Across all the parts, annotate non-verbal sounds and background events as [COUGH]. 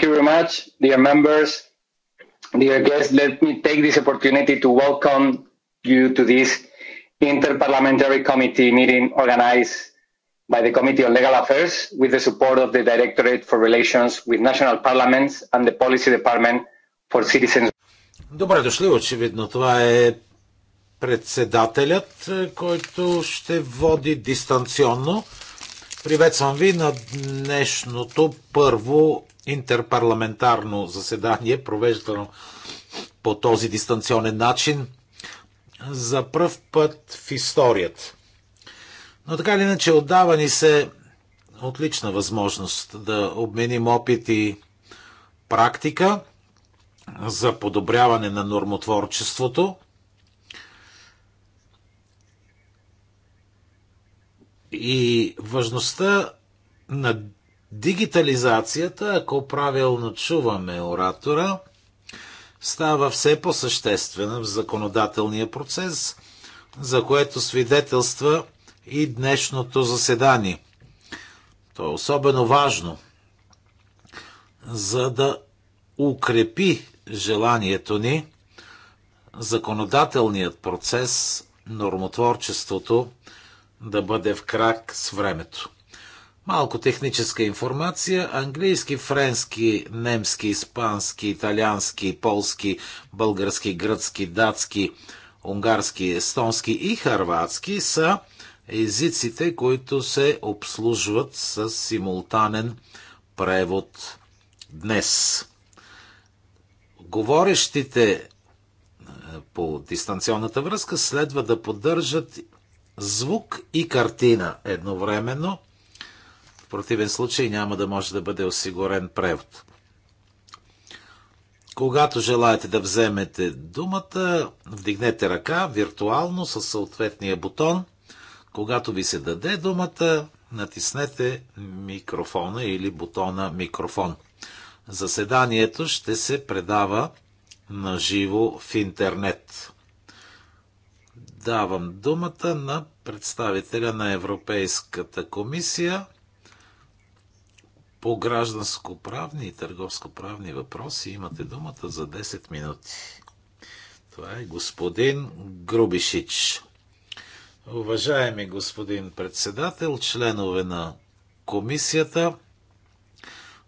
Thank you very much, dear members, dear guests. Let me take this opportunity to welcome you to this Interparliamentary Committee meeting organized by the Committee on Legal Affairs with the support of the Directorate for Relations with National Parliaments and the Policy Department for Citizens. Добре дошли, очевидно. Това е председателят, който ще води дистанционно. Приветствам ви на днешното първо интерпарламентарно заседание, провеждано по този дистанционен начин, за пръв път в историята. Но така или иначе отдава ни се отлична възможност да обменим опит и практика за подобряване на нормотворчеството. И важността на Дигитализацията, ако правилно чуваме оратора, става все по-съществена в законодателния процес, за което свидетелства и днешното заседание. То е особено важно, за да укрепи желанието ни законодателният процес, нормотворчеството да бъде в крак с времето. Малко техническа информация. Английски, френски, немски, испански, италиански, полски, български, гръцки, датски, унгарски, естонски и харватски са езиците, които се обслужват с симултанен превод днес. Говорещите е, по дистанционната връзка следва да поддържат звук и картина едновременно – противен случай няма да може да бъде осигурен превод. Когато желаете да вземете думата, вдигнете ръка виртуално със съответния бутон. Когато ви се даде думата, натиснете микрофона или бутона микрофон. Заседанието ще се предава на живо в интернет. Давам думата на представителя на Европейската комисия – по гражданско-правни и търговско-правни въпроси имате думата за 10 минути. Това е господин Грубишич. Уважаеми господин председател, членове на комисията,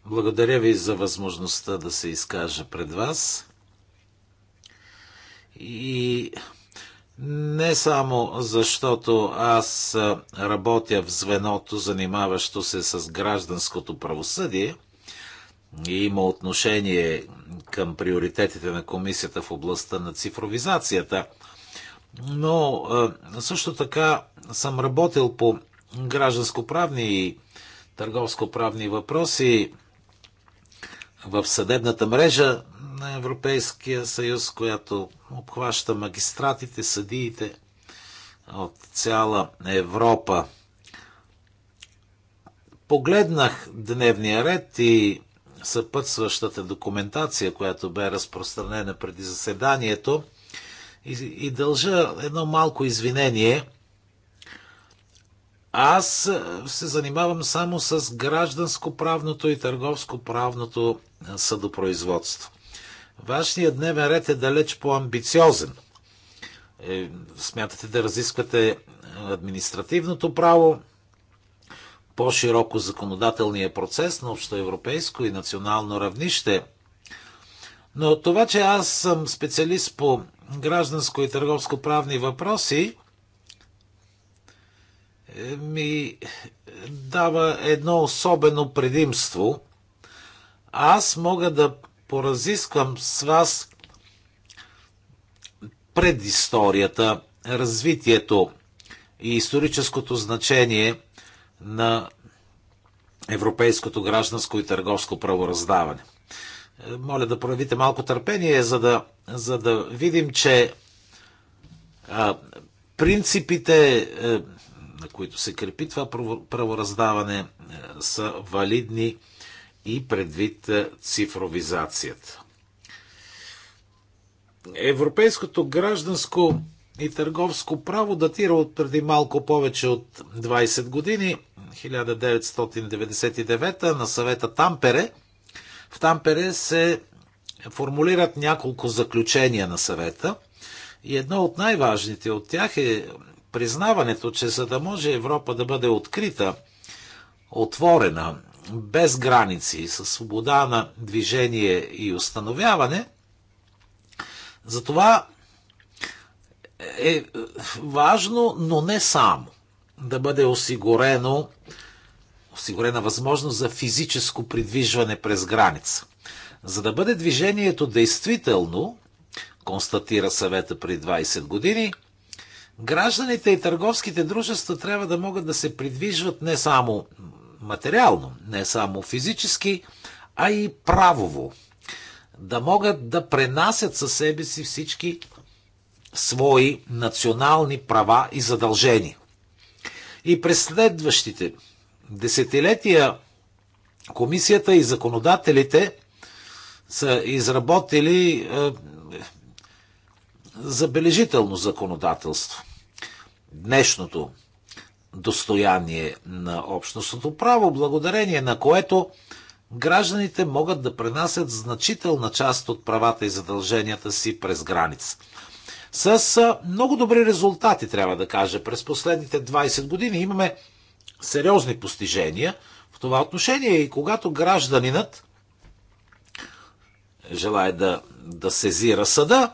благодаря ви за възможността да се изкажа пред вас. И не само защото аз работя в звеното, занимаващо се с гражданското правосъдие и има отношение към приоритетите на комисията в областта на цифровизацията, но също така съм работил по гражданско-правни и търговско-правни въпроси в съдебната мрежа на Европейския съюз, която обхваща магистратите, съдиите от цяла Европа. Погледнах дневния ред и съпътстващата документация, която бе разпространена преди заседанието и, и дължа едно малко извинение – аз се занимавам само с гражданско-правното и търговско-правното съдопроизводство. Вашният дневен ред е далеч по-амбициозен. Е, смятате да разисквате административното право, по-широко законодателния процес на общоевропейско и национално равнище. Но това, че аз съм специалист по гражданско и търговско правни въпроси, ми дава едно особено предимство. Аз мога да поразисквам с вас предисторията, развитието и историческото значение на европейското гражданско и търговско правораздаване. Моля да проявите малко търпение, за да, за да видим, че а, принципите, а, е, на които се крепи това правораздаване, е, са валидни и предвид е, цифровизацията. Европейското гражданско и търговско право датира от преди малко повече от 20 години, 1999 на съвета Тампере. В Тампере се формулират няколко заключения на съвета и едно от най-важните от тях е признаването, че за да може Европа да бъде открита, отворена, без граници, със свобода на движение и установяване, затова е важно, но не само да бъде осигурено, осигурена възможност за физическо придвижване през граница. За да бъде движението действително, констатира съвета при 20 години, Гражданите и търговските дружества трябва да могат да се придвижват не само материално, не само физически, а и правово. Да могат да пренасят със себе си всички свои национални права и задължения. И през следващите десетилетия комисията и законодателите са изработили е, забележително законодателство. Днешното достояние на общностното право, благодарение на което гражданите могат да пренасят значителна част от правата и задълженията си през граница. С много добри резултати, трябва да кажа. През последните 20 години имаме сериозни постижения в това отношение и когато гражданинът желая да, да сезира съда,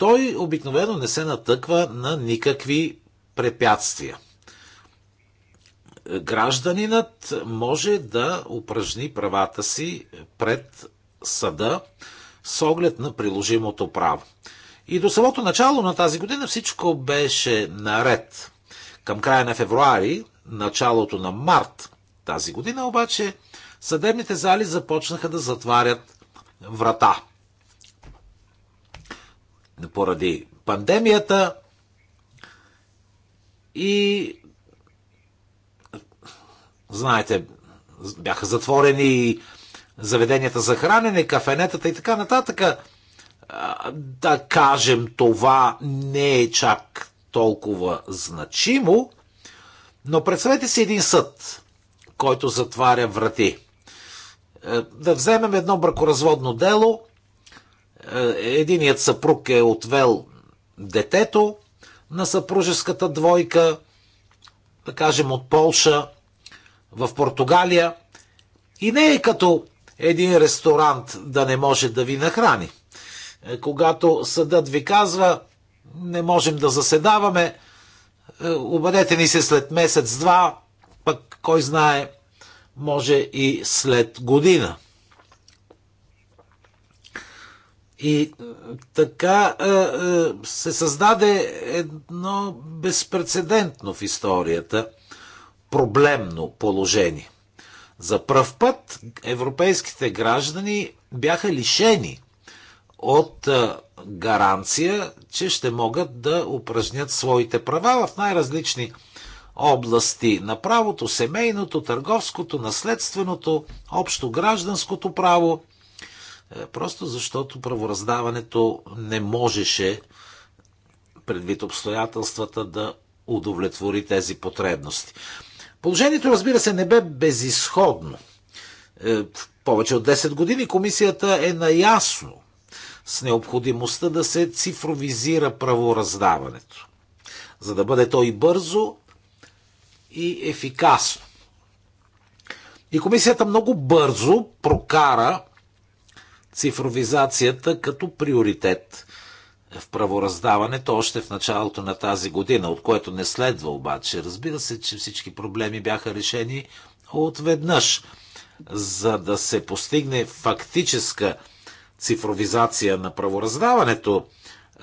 той обикновено не се натъква на никакви препятствия. Гражданинът може да упражни правата си пред съда с оглед на приложимото право. И до самото начало на тази година всичко беше наред. Към края на февруари, началото на март тази година обаче, съдебните зали започнаха да затварят врата поради пандемията и знаете, бяха затворени заведенията за хранене, кафенетата и така нататък. Да кажем, това не е чак толкова значимо, но представете си един съд, който затваря врати. Е, да вземем едно бракоразводно дело, е, единият съпруг е отвел детето на съпружеската двойка, да кажем от Полша, в Португалия. И не е като един ресторант да не може да ви нахрани. Е, когато съдът ви казва, не можем да заседаваме, е, обадете ни се след месец-два, пък кой знае, може и след година. И е, така е, е, се създаде едно безпредседентно в историята проблемно положение. За пръв път европейските граждани бяха лишени от гаранция, че ще могат да упражнят своите права в най-различни области на правото, семейното, търговското, наследственото, общо гражданското право – е, просто защото правораздаването не можеше предвид обстоятелствата да удовлетвори тези потребности. Положението, разбира се, не бе безисходно. Е, повече от 10 години комисията е наясно с необходимостта да се цифровизира правораздаването, за да бъде то и бързо, и ефикасно. И комисията много бързо прокара цифровизацията като приоритет в правораздаването още в началото на тази година, от което не следва обаче. Разбира се, че всички проблеми бяха решени отведнъж. За да се постигне фактическа цифровизация на правораздаването,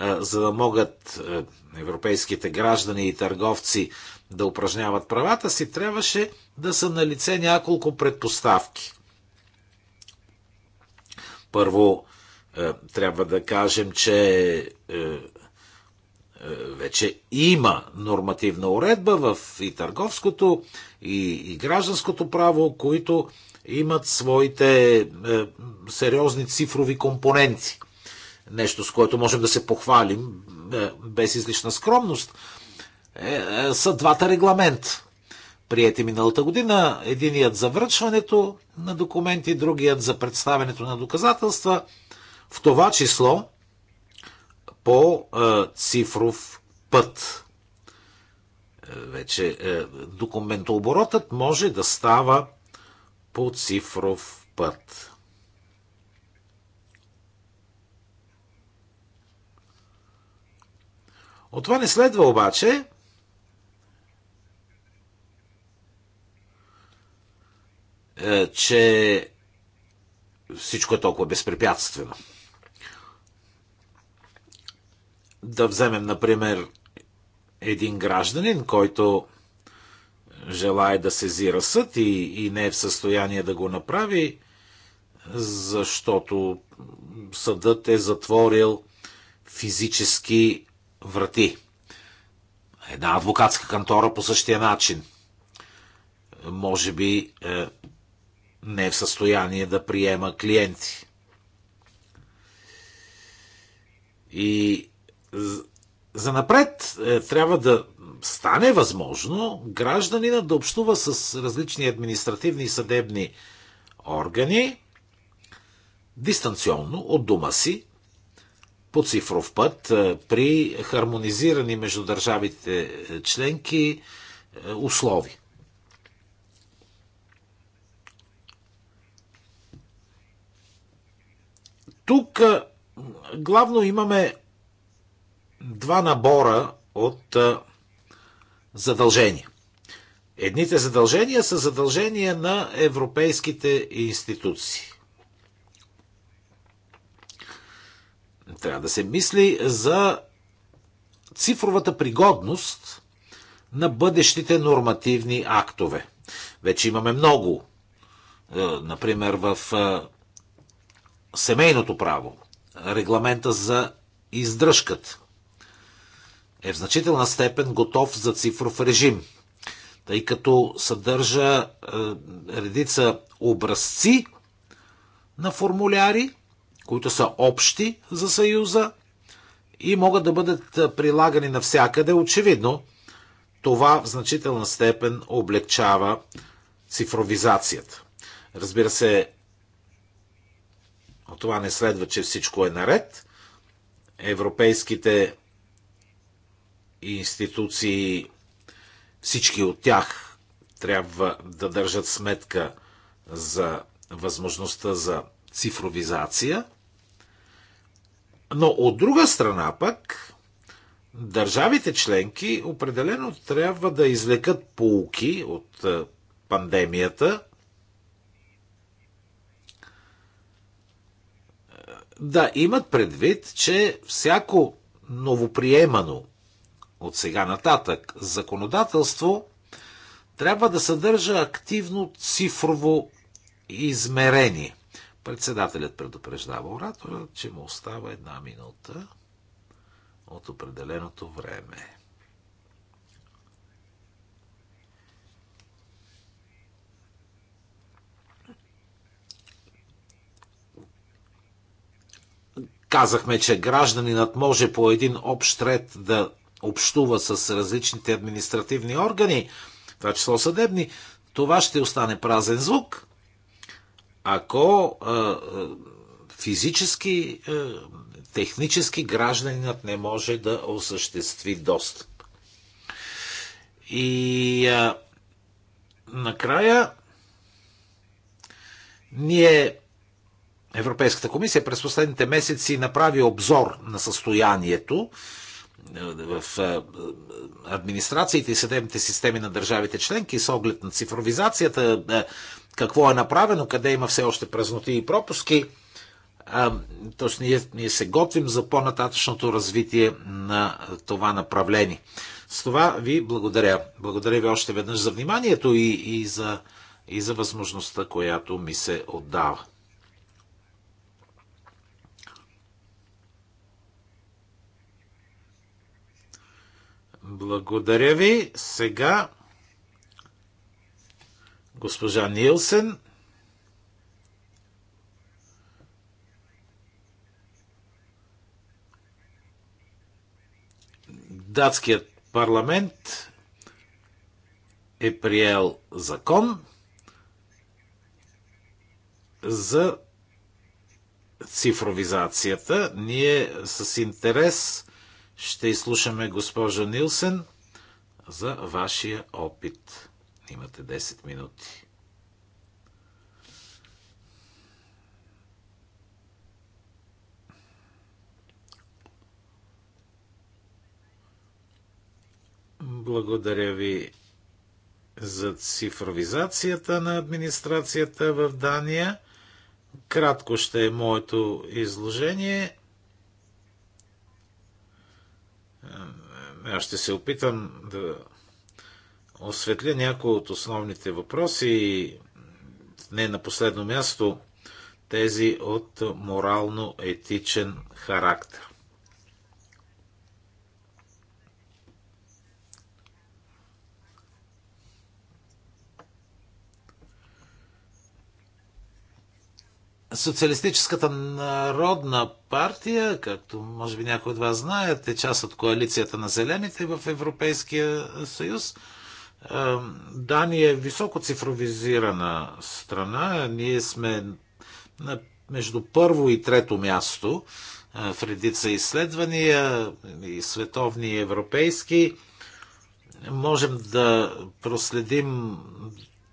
е, за да могат е, европейските граждани и търговци да упражняват правата си, трябваше да са на лице няколко предпоставки. Първо, е, трябва да кажем, че е, е, вече има нормативна уредба в и търговското, и, и гражданското право, които имат своите е, сериозни цифрови компоненти. Нещо, с което можем да се похвалим е, без излишна скромност, е, е, са двата регламента приети миналата година. Единият за връчването на документи, другият за представенето на доказателства, в това число по е, цифров път. Е, вече е, документооборотът може да става по цифров път. От това не следва обаче, Е, че всичко е толкова безпрепятствено. Да вземем, например, един гражданин, който желая да сезира съд и, и не е в състояние да го направи, защото съдът е затворил физически врати. Една адвокатска кантора по същия начин. Може би е, не е в състояние да приема клиенти. И за напред е, трябва да стане възможно гражданина да общува с различни административни и съдебни органи дистанционно от дома си по цифров път е, при хармонизирани между държавите е, членки условия. Тук главно имаме два набора от задължения. Едните задължения са задължения на европейските институции. Трябва да се мисли за цифровата пригодност на бъдещите нормативни актове. Вече имаме много. Например, в семейното право, регламента за издръжката, е в значителна степен готов за цифров режим, тъй като съдържа е, редица образци на формуляри, които са общи за Съюза и могат да бъдат е, прилагани навсякъде. Очевидно, това в значителна степен облегчава цифровизацията. Разбира се, от това не следва, че всичко е наред. Европейските институции, всички от тях, трябва да държат сметка за възможността за цифровизация. Но от друга страна пък, държавите членки определено трябва да извлекат полуки от е, пандемията да имат предвид, че всяко новоприемано от сега нататък законодателство трябва да съдържа активно цифрово измерение. Председателят предупреждава оратора, че му остава една минута от определеното време. Казахме, че гражданинът може по един общ ред да общува с различните административни органи, това число съдебни, това ще остане празен звук, ако физически, технически гражданинът не може да осъществи достъп. И а, накрая ние Европейската комисия през последните месеци направи обзор на състоянието е, в е, администрациите и съдебните системи на държавите членки с оглед на цифровизацията, е, какво е направено, къде има все още празноти и пропуски. Тоест ние, ние се готвим за по-нататъчното развитие на това направление. С това ви благодаря. Благодаря ви още веднъж за вниманието и, и, за, и за възможността, която ми се отдава. Благодаря ви. Сега госпожа Нилсен. Датският парламент е приел закон за цифровизацията. Ние с интерес ще изслушаме госпожа Нилсен за вашия опит. Имате 10 минути. Благодаря ви за цифровизацията на администрацията в Дания. Кратко ще е моето изложение. Аз ще се опитам да осветля някои от основните въпроси и не на последно място тези от морално-етичен характер. Социалистическата народна партия, както може би някои от вас знаят, е част от коалицията на зелените в Европейския съюз. Дания е високо цифровизирана страна. Ние сме на между първо и трето място в редица изследвания, и световни, и европейски. Можем да проследим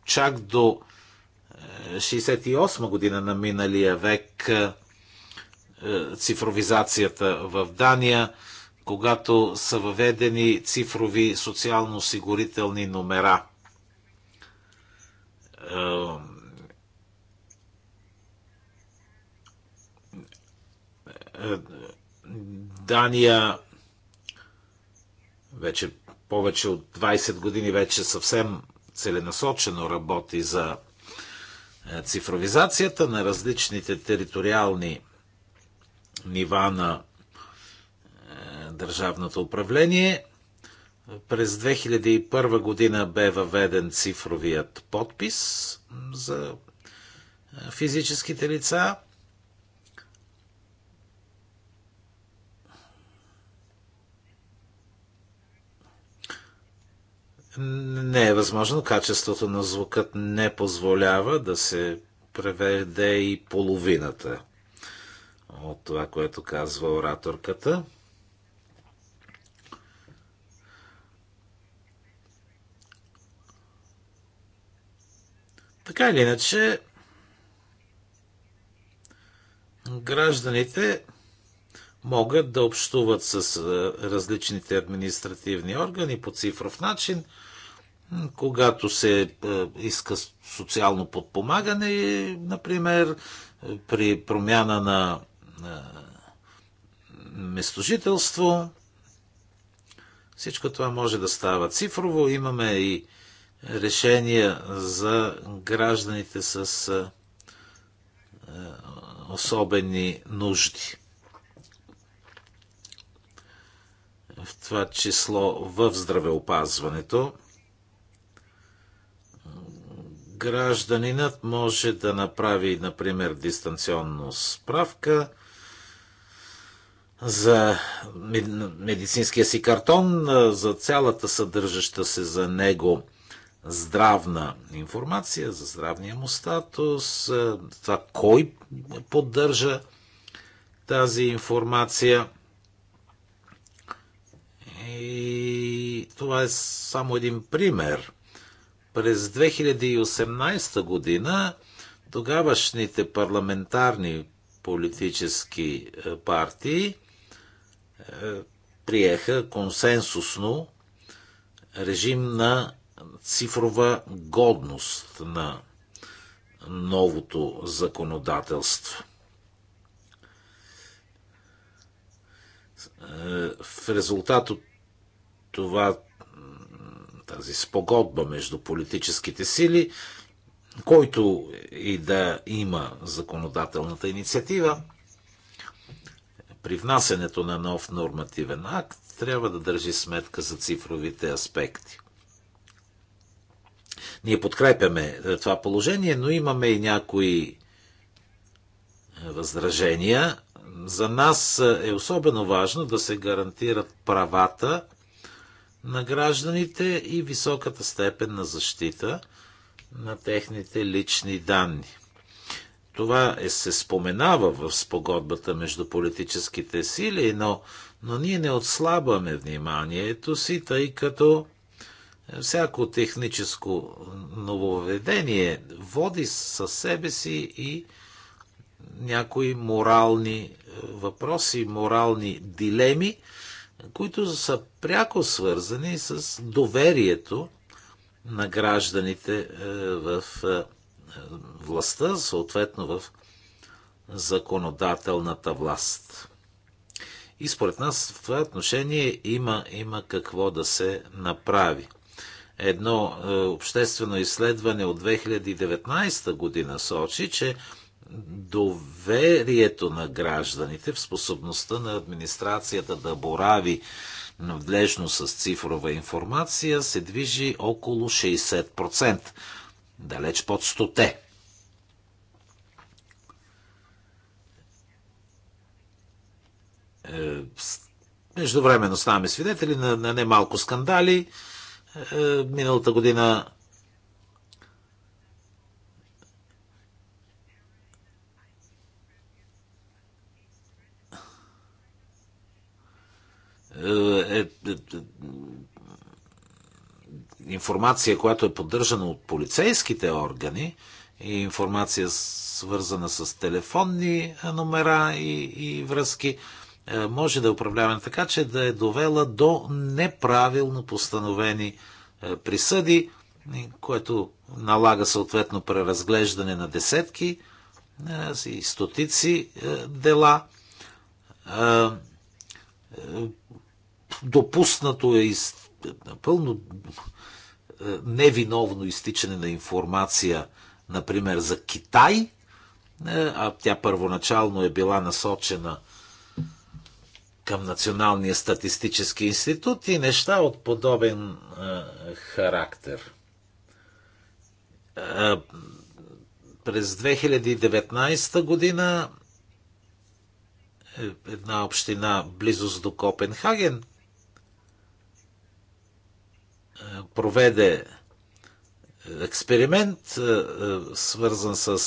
чак до 68 година на миналия век е, цифровизацията в Дания, когато са въведени цифрови социално-осигурителни номера. Е, е, Дания вече повече от 20 години вече съвсем целенасочено работи за е, цифровизацията на различните териториални нива на е, държавното управление. През 2001 година бе въведен цифровият подпис за е, физическите лица. не е възможно. Качеството на звукът не позволява да се преведе и половината от това, което казва ораторката. Така или иначе, гражданите могат да общуват с различните административни органи по цифров начин – когато се е, иска социално подпомагане, например, при промяна на е, местожителство. Всичко това може да става цифрово. Имаме и решения за гражданите с е, особени нужди. В това число в здравеопазването. Гражданинът може да направи, например, дистанционно справка за медицинския си картон, за цялата съдържаща се за него здравна информация, за здравния му статус, това кой поддържа тази информация. И това е само един пример през 2018 година тогавашните парламентарни политически е, партии е, приеха консенсусно режим на цифрова годност на новото законодателство. Е, в резултат от това тази спогодба между политическите сили, който и да има законодателната инициатива, при внасенето на нов нормативен акт трябва да държи сметка за цифровите аспекти. Ние подкрепяме е, това положение, но имаме и някои е, възражения. За нас е, е особено важно да се гарантират правата на гражданите и високата степен на защита на техните лични данни. Това е, се споменава в спогодбата между политическите сили, но, но ние не отслабваме вниманието си, тъй като е, всяко техническо нововведение води със себе си и някои морални е, въпроси, морални дилеми, които са пряко свързани с доверието на гражданите е, в е, властта, съответно в законодателната власт. И според нас в това отношение има, има какво да се направи. Едно е, обществено изследване от 2019 година сочи, че доверието на гражданите в способността на администрацията да борави надлежно с цифрова информация се движи около 60%, далеч под 100%. Е, междувременно ставаме свидетели на, на немалко скандали. Е, е, миналата година Е, е, е, информация, която е поддържана от полицейските органи и информация свързана с телефонни е, номера и, и връзки, е, може да е управлявана така, че да е довела до неправилно постановени присъди, което налага съответно преразглеждане на десетки и стотици дела допуснато е из... напълно е, невиновно изтичане на информация, например, за Китай, е, а тя първоначално е била насочена към Националния статистически институт и неща от подобен а, е, характер. А, през 2019 година една община близост до Копенхаген проведе експеримент, е, е, свързан с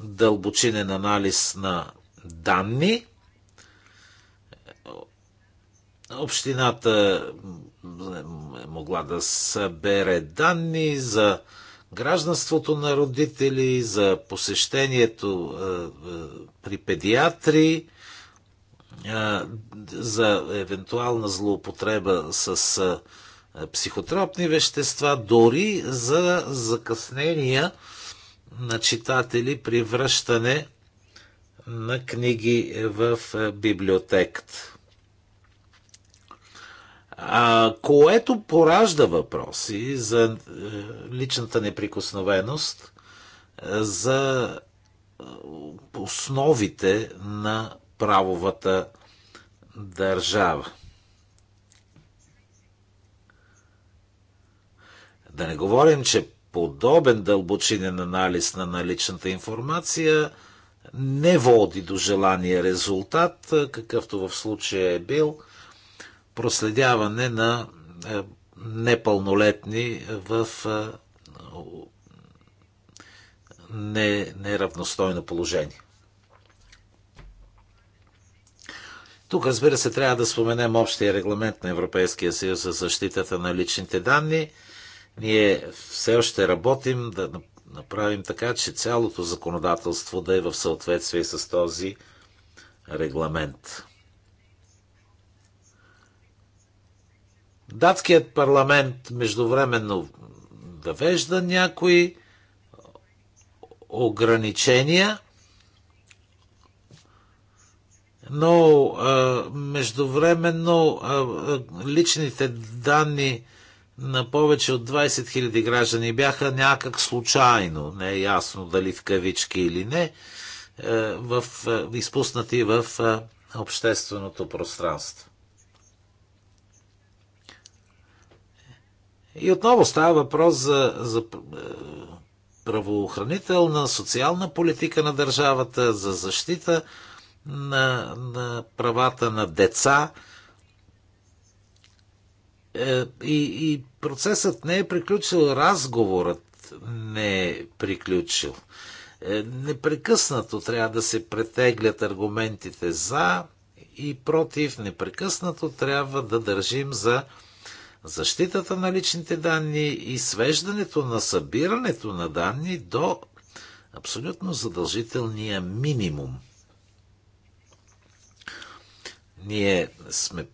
дълбочинен анализ на данни. Общината е могла да събере данни за гражданството на родители, за посещението е, при педиатри, за евентуална злоупотреба с е, психотропни вещества, дори за закъснения на читатели при връщане на книги в е, библиотеката. А, което поражда въпроси за е, личната неприкосновеност, за основите на правовата държава. Да не говорим, че подобен дълбочинен анализ на наличната информация не води до желания резултат, какъвто в случая е бил проследяване на е, непълнолетни в е, неравностойно положение. Тук, разбира се, трябва да споменем общия регламент на Европейския съюз за защитата на личните данни – ние все още работим да направим така, че цялото законодателство да е в съответствие с този регламент. Датският парламент междувременно въвежда някои ограничения, но междувременно личните данни на повече от 20 000 граждани бяха някак случайно, не е ясно дали в кавички или не, е, в, е, изпуснати в е, общественото пространство. И отново става въпрос за, за правоохранителна, социална политика на държавата, за защита на, на правата на деца, е, и, и процесът не е приключил, разговорът не е приключил. Е, непрекъснато трябва да се претеглят аргументите за и против, непрекъснато трябва да държим за защитата на личните данни и свеждането на събирането на данни до абсолютно задължителния минимум. Ние сме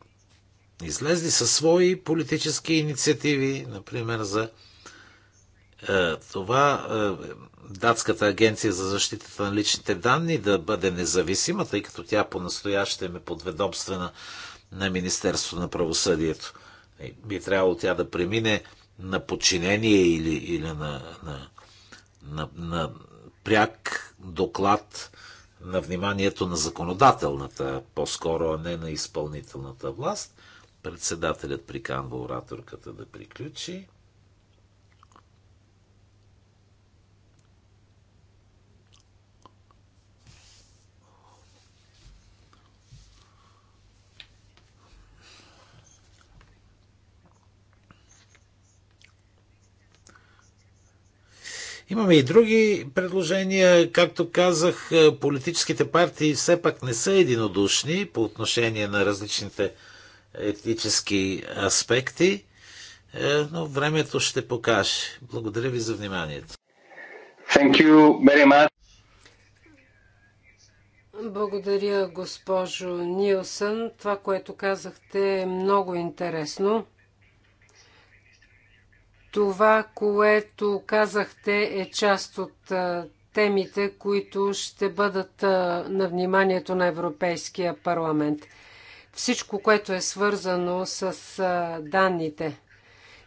излезли със свои политически инициативи, например за е, това е, датската агенция за защитата на личните данни да бъде независима, тъй като тя по настояще е подведомствена на Министерство на правосъдието. И би трябвало тя да премине на подчинение или, или на, на, на, на пряк доклад на вниманието на законодателната, по-скоро, а не на изпълнителната власт. Председателят приканва ораторката да приключи. Имаме и други предложения. Както казах, политическите партии все пак не са единодушни по отношение на различните етически аспекти, е, но времето ще покаже. Благодаря ви за вниманието. Thank you very much. Благодаря, госпожо Нилсън. Това, което казахте е много интересно. Това, което казахте е част от темите, които ще бъдат на вниманието на Европейския парламент всичко, което е свързано с данните.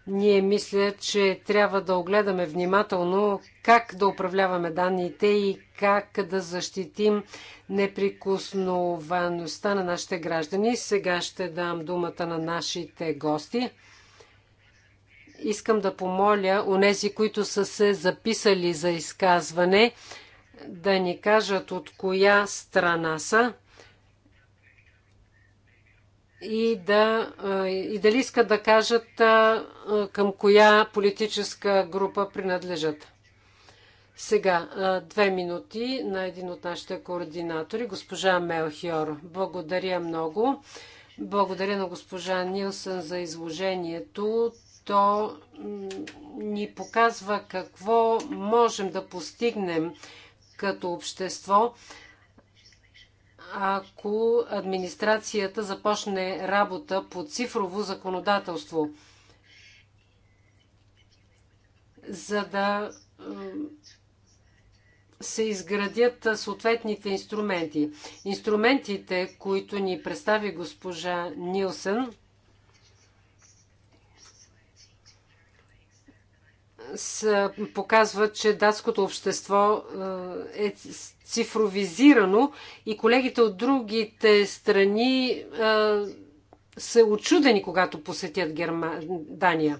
Ние мисля, че трябва да огледаме внимателно как да управляваме данните и как да защитим неприкосновеността на нашите граждани. Сега ще дам думата на нашите гости. Искам да помоля онези, които са се записали за изказване, да ни кажат от коя страна са и, да, и дали искат да кажат към коя политическа група принадлежат. Сега, две минути на един от нашите координатори, госпожа Мелхиор. Благодаря много. Благодаря на госпожа Нилсън за изложението. То ни показва какво можем да постигнем като общество ако администрацията започне работа по цифрово законодателство, за да се изградят съответните инструменти. Инструментите, които ни представи госпожа Нилсън, показва, че датското общество е, е цифровизирано и колегите от другите страни е, са очудени, когато посетят Германия. Дания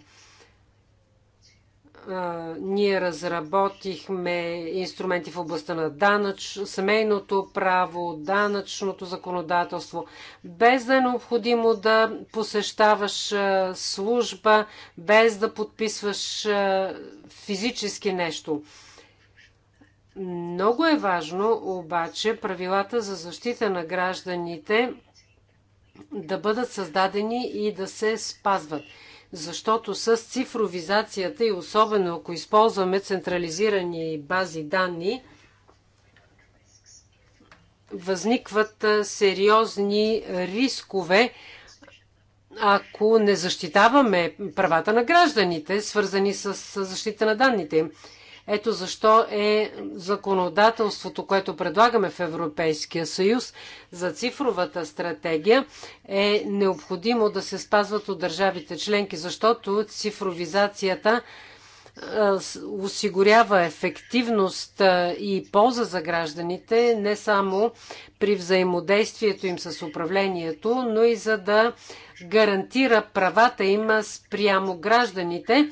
ние разработихме инструменти в областта на данъч, семейното право, данъчното законодателство, без да е необходимо да посещаваш служба, без да подписваш физически нещо. Много е важно обаче правилата за защита на гражданите да бъдат създадени и да се спазват защото с цифровизацията и особено ако използваме централизирани бази данни, възникват сериозни рискове, ако не защитаваме правата на гражданите, свързани с защита на данните им. Ето защо е законодателството, което предлагаме в Европейския съюз за цифровата стратегия, е необходимо да се спазват от държавите членки, защото цифровизацията осигурява ефективност и полза за гражданите, не само при взаимодействието им с управлението, но и за да гарантира правата им спрямо гражданите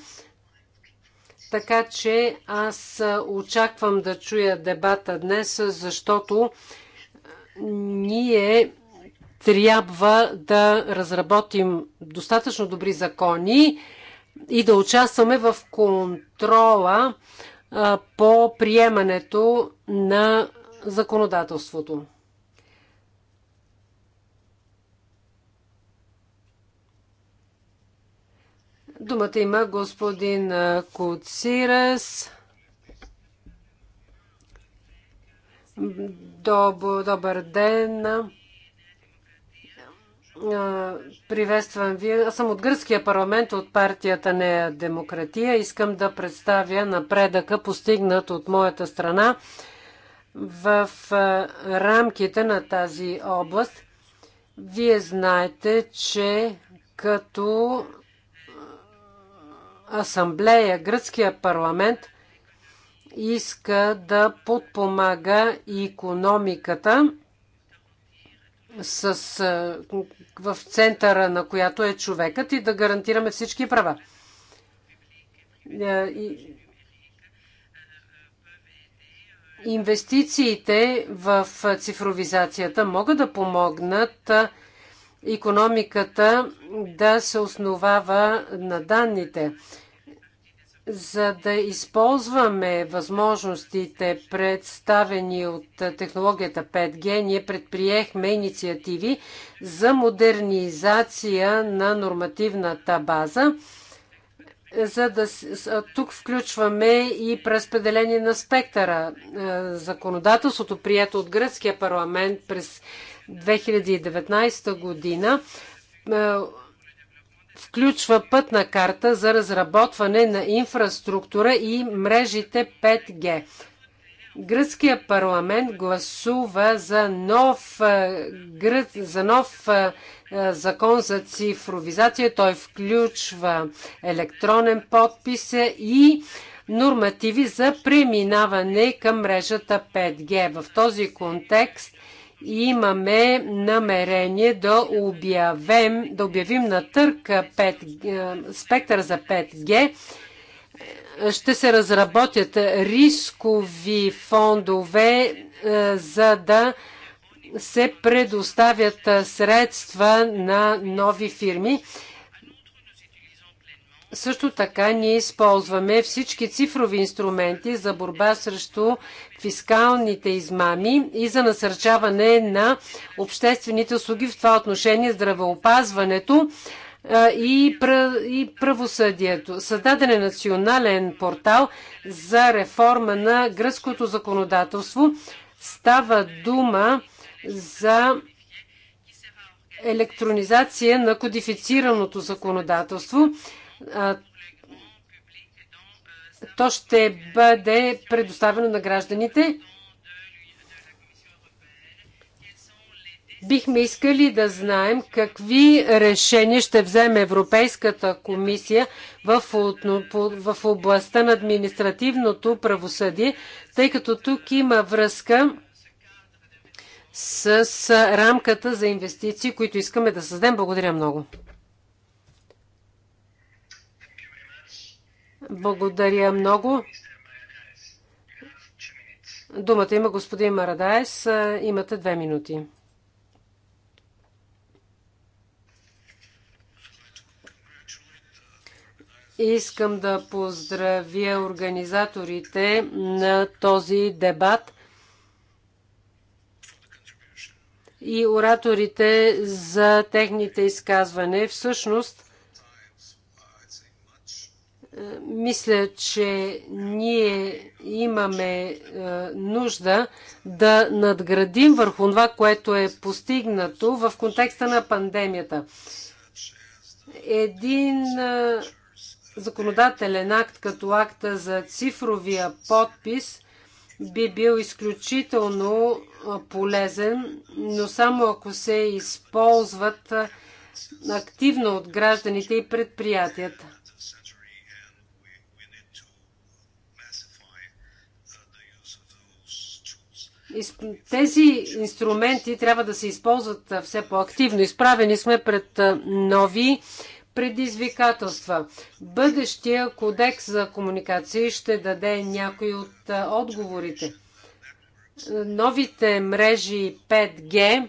така че аз очаквам да чуя дебата днес, защото ние трябва да разработим достатъчно добри закони и да участваме в контрола по приемането на законодателството. Думата има господин Куцирас. Добър, добър ден. Приветствам ви. Аз съм от гръцкия парламент, от партията Нея Демократия. Искам да представя напредъка, постигнат от моята страна в рамките на тази област. Вие знаете, че като асамблея, гръцкия парламент иска да подпомага економиката с, в центъра на която е човекът и да гарантираме всички права. Е, инвестициите в цифровизацията могат да помогнат економиката да се основава на данните. За да използваме възможностите, представени от технологията 5G, ние предприехме инициативи за модернизация на нормативната база. За да, тук включваме и преразпределение на спектъра. Е, законодателството, прието от гръцкия парламент през 2019 година е, включва пътна карта за разработване на инфраструктура и мрежите 5G. Гръцкият парламент гласува за нов, е, за нов е, закон за цифровизация. Той включва електронен подпис и нормативи за преминаване към мрежата 5G. В този контекст имаме намерение да обявим, да обявим на търк 5, е, спектър за 5G. Е, ще се разработят рискови фондове, е, за да се предоставят средства на нови фирми също така ние използваме всички цифрови инструменти за борба срещу фискалните измами и за насърчаване на обществените услуги в това отношение здравеопазването и, правосъдието. Създаден е национален портал за реформа на гръцкото законодателство. Става дума за електронизация на кодифицираното законодателство то ще бъде предоставено на гражданите. Бихме искали да знаем какви решения ще вземе Европейската комисия в, областта на административното правосъдие, тъй като тук има връзка с рамката за инвестиции, които искаме да създадем. Благодаря много. Благодаря много. Думата има господин Марадаес. Имате две минути. Искам да поздравя организаторите на този дебат и ораторите за техните изказване. Всъщност, мисля, че ние имаме е, нужда да надградим върху това, което е постигнато в контекста на пандемията. Един е, законодателен акт като акта за цифровия подпис би бил изключително е, полезен, но само ако се използват активно от гражданите и предприятията. Тези инструменти трябва да се използват все по-активно. Изправени сме пред нови предизвикателства. Бъдещия кодекс за комуникации ще даде някои от отговорите. Новите мрежи 5G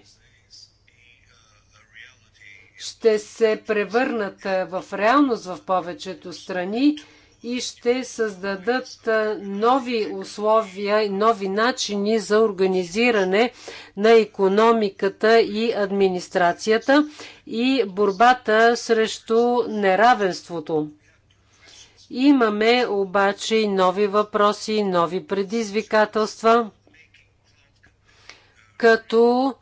ще се превърнат в реалност в повечето страни и ще създадат нови условия и нови начини за организиране на економиката и администрацията и борбата срещу неравенството. Имаме обаче и нови въпроси, нови предизвикателства, като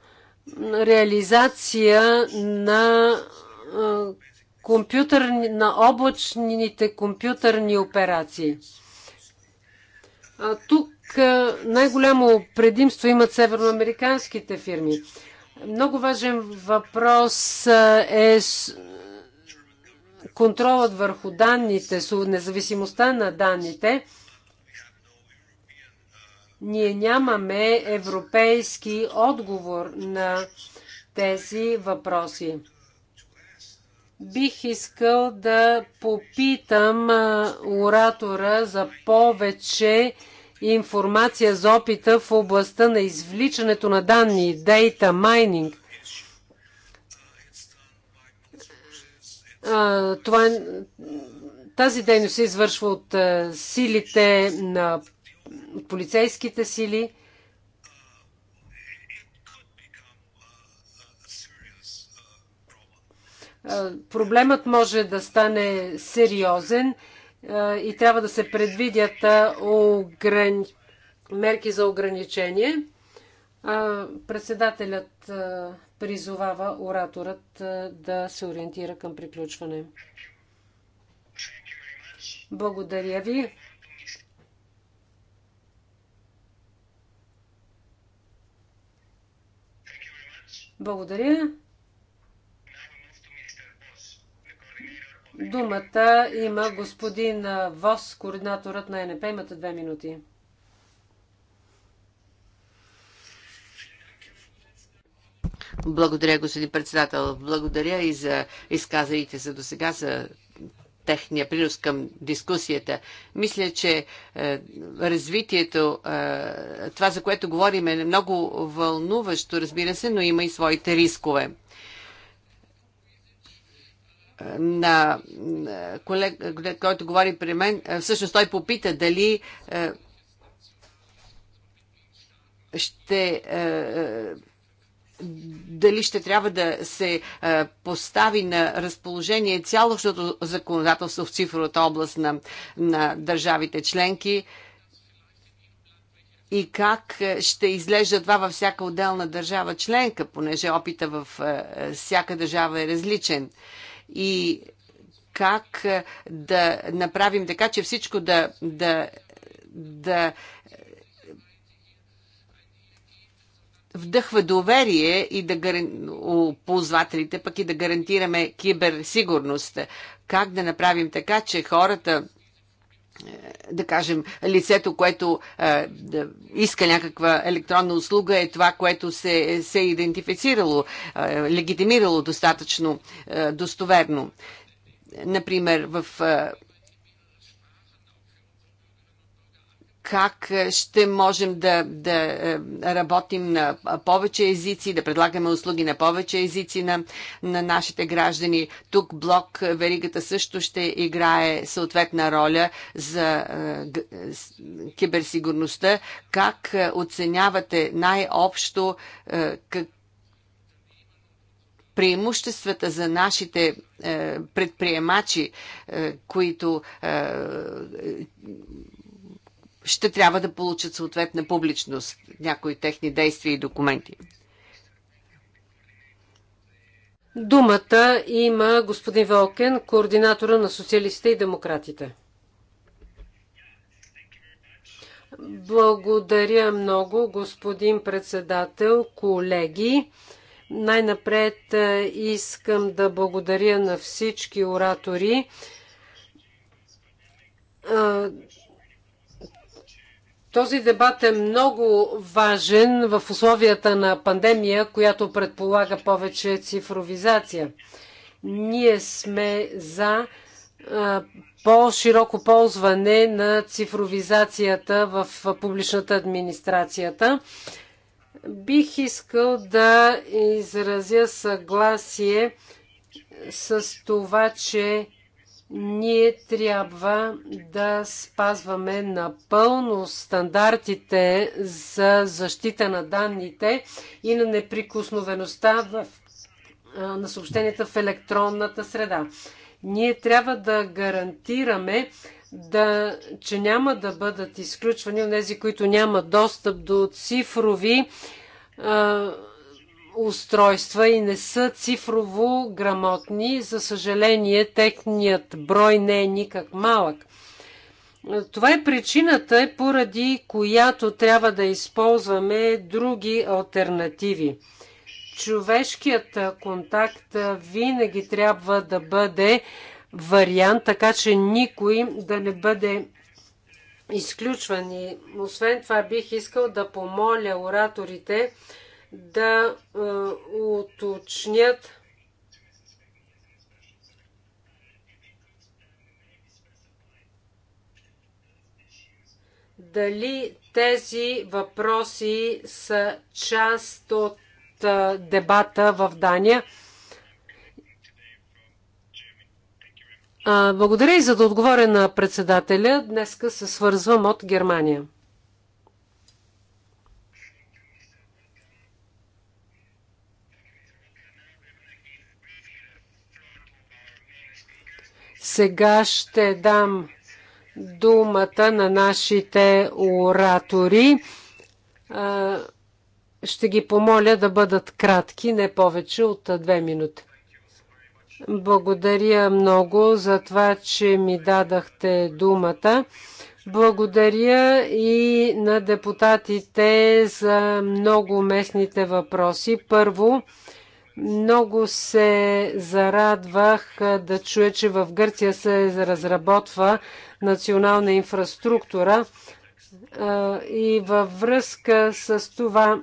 реализация на на облачните компютърни операции. А тук най-голямо предимство имат северноамериканските фирми. Много важен въпрос е контролът върху данните, независимостта на данните. Ние нямаме европейски отговор на тези въпроси. Бих искал да попитам оратора за повече информация за опита в областта на извличането на данни, data mining. Това, е- тази дейност се извършва от силите на полицейските сили проблемът може да стане сериозен и трябва да се предвидят ограни... мерки за ограничение. Председателят призовава ораторът да се ориентира към приключване. Благодаря ви. Благодаря. Думата има господин Вос, координаторът на НП. Имате две минути. Благодаря, господин председател. Благодаря и за изказаните се до сега за техния принос към дискусията. Мисля, че е, развитието, е, това за което говорим е много вълнуващо, разбира се, но има и своите рискове на колега, който говори при мен, е, всъщност той попита дали е, ще е, дали ще трябва да се постави на разположение цялостното законодателство в цифровата област на, на държавите членки и как ще изглежда това във всяка отделна държава членка, понеже опита в всяка държава е различен и как е, да направим така, че всичко да, да, да вдъхва доверие и да гаран... у ползвателите, пък и да гарантираме киберсигурност. Как да направим така, че хората, е, да кажем, лицето, което а, е, да иска някаква електронна услуга е това, което се, се е идентифицирало, а, е, легитимирало достатъчно а, достоверно. Например, в А, как е, ще можем да, да е, работим на повече езици, да предлагаме услуги на повече езици на, на нашите граждани. Тук блок е, Веригата също ще играе съответна роля за е, киберсигурността. Как оценявате най-общо е, как преимуществата за нашите е, предприемачи, които ще трябва да получат съответна публичност някои техни действия и документи. Думата има господин Волкен, координатора на социалистите и демократите. Благодаря много, господин председател, колеги. Най-напред е, искам да благодаря на всички оратори е, този дебат е много важен в условията на пандемия, която предполага повече цифровизация. Ние сме за по-широко ползване на цифровизацията в публичната администрацията. Бих искал да изразя съгласие с това, че ние трябва да спазваме напълно стандартите за защита на данните и на неприкосновеността в, на съобщенията в електронната среда. Ние трябва да гарантираме, да, че няма да бъдат изключвани от тези, които нямат достъп до цифрови а, устройства и не са цифрово грамотни. За съжаление, техният брой не е никак малък. Това е причината, поради която трябва да използваме други альтернативи. Човешкият контакт винаги трябва да бъде вариант, така че никой да не бъде изключван. И освен това бих искал да помоля ораторите да е, уточнят дали тези въпроси са част от е, дебата в Дания. Благодаря и за да отговоря на председателя. Днеска се свързвам от Германия. Сега ще дам думата на нашите оратори. Ще ги помоля да бъдат кратки, не повече от две минути. Благодаря много за това, че ми дадахте думата. Благодаря и на депутатите за много местните въпроси. Първо, много се зарадвах да чуя, че в Гърция се разработва национална инфраструктура и във връзка с това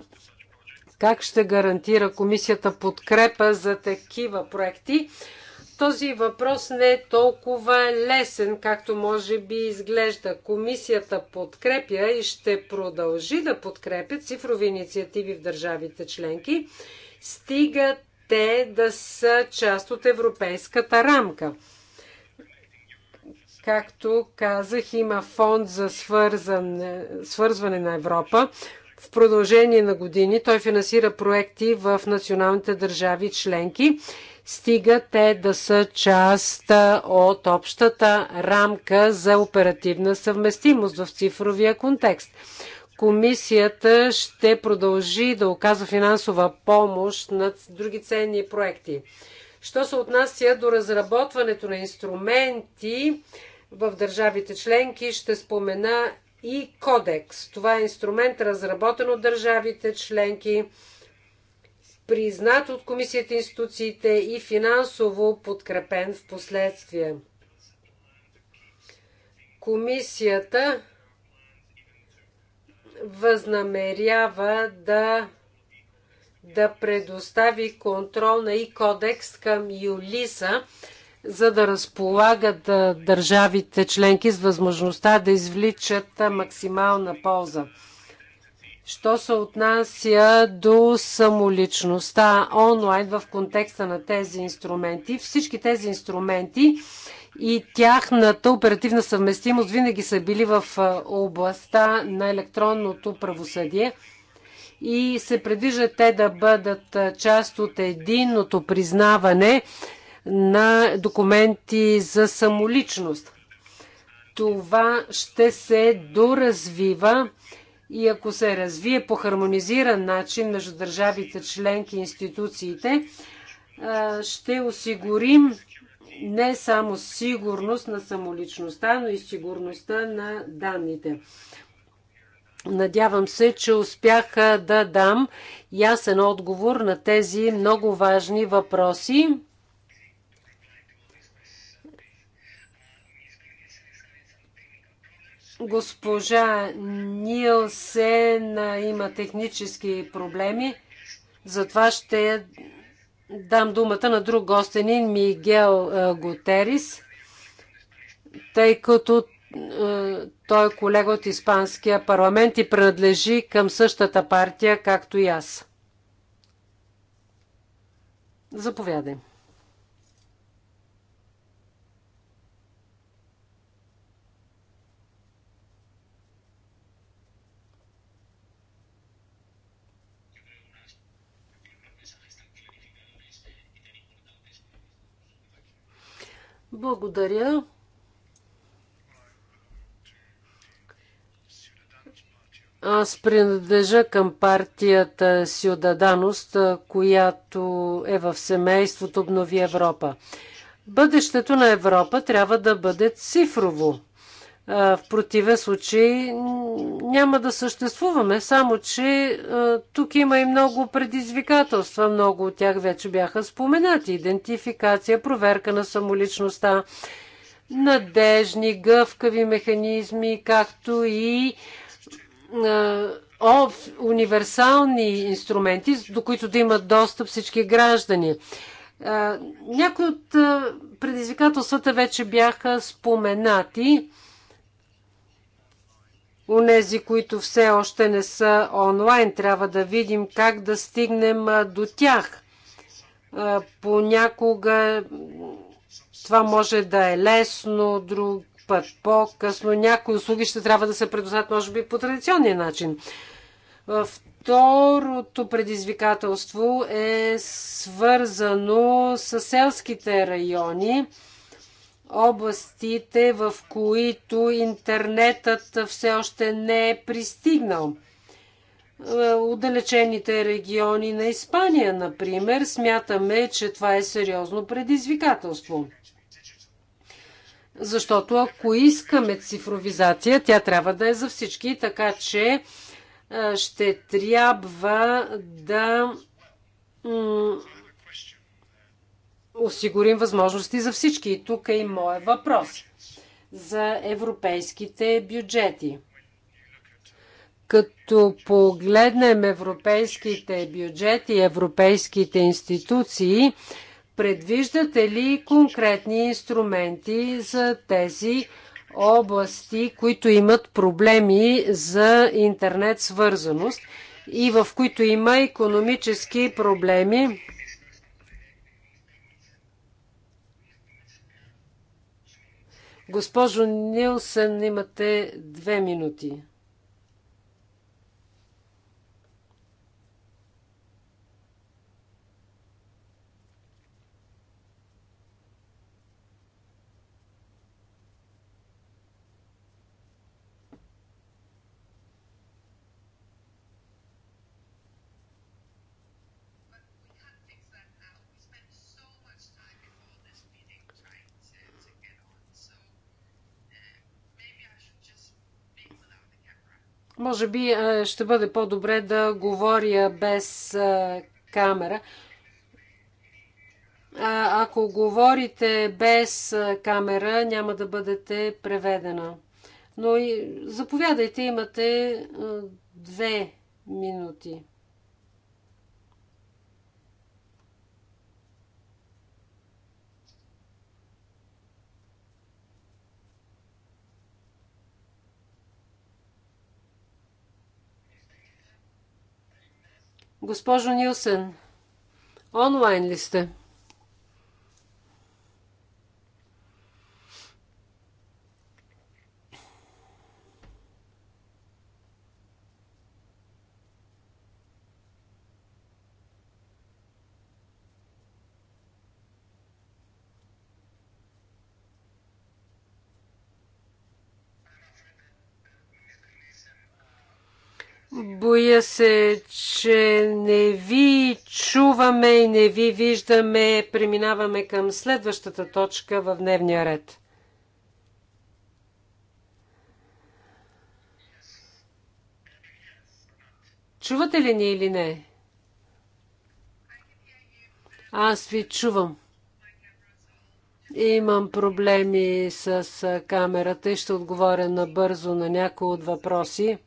как ще гарантира комисията подкрепа за такива проекти. Този въпрос не е толкова лесен, както може би изглежда. Комисията подкрепя и ще продължи да подкрепя цифрови инициативи в държавите членки, стига те да са част от европейската рамка. Както казах, има фонд за свързане, свързване на Европа. В продължение на години той финансира проекти в националните държави членки, стига те да са част от общата рамка за оперативна съвместимост в цифровия контекст. Комисията ще продължи да оказва финансова помощ на други ценни проекти. Що се отнася до разработването на инструменти в държавите членки, ще спомена и кодекс. Това е инструмент, разработен от държавите членки, признат от комисията институциите и финансово подкрепен в последствие. Комисията възнамерява да, да предостави контрол на и кодекс към Юлиса, за да разполагат държавите членки с възможността да извличат максимална полза. Що се отнася до самоличността онлайн в контекста на тези инструменти, всички тези инструменти и тяхната оперативна съвместимост винаги са били в областта на електронното правосъдие и се предвижда те да бъдат част от единното признаване на документи за самоличност. Това ще се доразвива и ако се развие по хармонизиран начин между държавите членки и институциите, ще осигурим не само сигурност на самоличността, но и сигурността на данните. Надявам се, че успях да дам ясен отговор на тези много важни въпроси. Госпожа Нилсен има технически проблеми, затова ще дам думата на друг гостенин Мигел е, Готерис, тъй като е, той е колега от Испанския парламент и принадлежи към същата партия, както и аз. Заповядай. Благодаря. Аз принадлежа към партията Сюдаданост, която е в семейството Обнови Европа. Бъдещето на Европа трябва да бъде цифрово. В противен случай няма да съществуваме, само че тук има и много предизвикателства. Много от тях вече бяха споменати. Идентификация, проверка на самоличността, надежни, гъвкави механизми, както и универсални инструменти, до които да имат достъп всички граждани. Някои от предизвикателствата вече бяха споменати. Унези, които все още не са онлайн, трябва да видим как да стигнем до тях. Понякога това може да е лесно, друг път по-късно. Някои услуги ще трябва да се предоставят, може би, по традиционния начин. Второто предизвикателство е свързано с селските райони областите, в които интернетът все още не е пристигнал. Е, отдалечените региони на Испания, например, смятаме, че това е сериозно предизвикателство. Защото ако искаме цифровизация, тя трябва да е за всички, така че е, ще трябва да осигурим възможности за всички. И тук е и моят въпрос за европейските бюджети. Като погледнем европейските бюджети, европейските институции, предвиждате ли конкретни инструменти за тези области, които имат проблеми за интернет свързаност и в които има економически проблеми? Госпожо Нилсън, имате две минути. Може би е, ще бъде по-добре да говоря без е, камера. А, е, ако говорите без камера, няма да бъдете преведена. Но и, заповядайте, имате две минути. Госпожо Нилсен, онлайн ли сте? Боя се, че не ви чуваме и не ви виждаме. Преминаваме към следващата точка в дневния ред. Чувате ли ни или не? Аз ви чувам. Имам проблеми с камерата и ще отговоря набързо на някои от въпроси.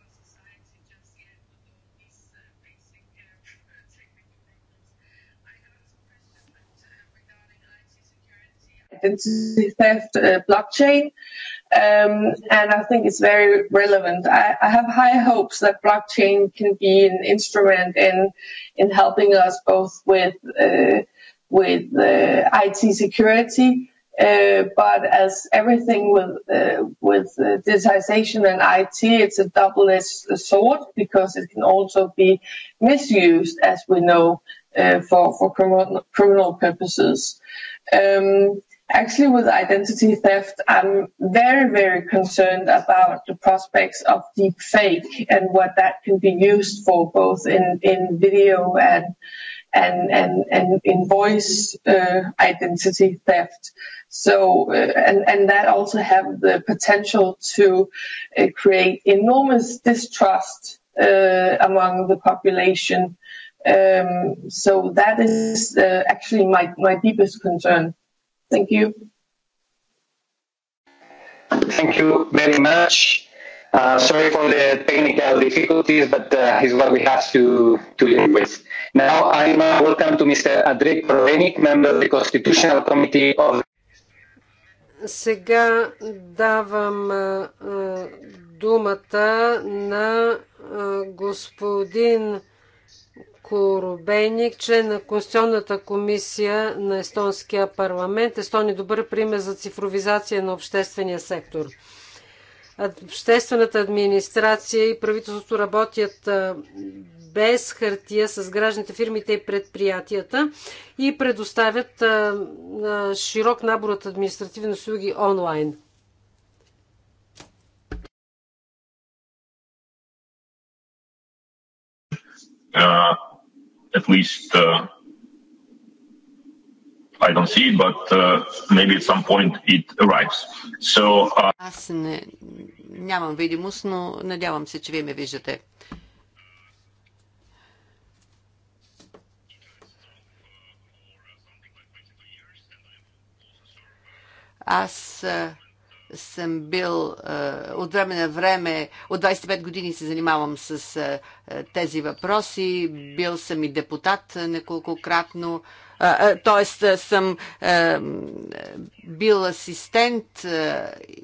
identity theft uh, blockchain. Um, and I think it's very relevant. I, I have high hopes that blockchain can be an instrument in in helping us both with uh, with uh, IT security, uh, but as everything with uh, with uh, digitization and IT, it's a double-edged sword because it can also be misused, as we know, uh, for for criminal criminal purposes. Um, Actually, with identity theft, I'm very, very concerned about the prospects of deep fake and what that can be used for, both in, in video and and and and in voice uh, identity theft. So uh, and and that also have the potential to uh, create enormous distrust uh, among the population. Um, so that is uh, actually my my deepest concern. Thank you. Thank you very much. Uh, sorry for the technical difficulties, but uh, it's what we have to, to live with. Now I uh, welcome to Mr. Adrik Provenik, member of the Constitutional Committee of сега давам а, думата на а, господин Коробейник, член на Конституционната комисия на Естонския парламент. Естония е добър пример за цифровизация на обществения сектор. Обществената администрация и правителството работят без хартия с гражданите, фирмите и предприятията и предоставят широк набор от административни услуги онлайн. Uh, at least uh, I don't see it, but uh, maybe at some point it arrives. So, uh... Аз не, нямам видимост, но надявам се, че вие ме виждате. Аз uh, съм бил от време на време, от 25 години се занимавам с тези въпроси, бил съм и депутат неколкократно, т.е. съм бил асистент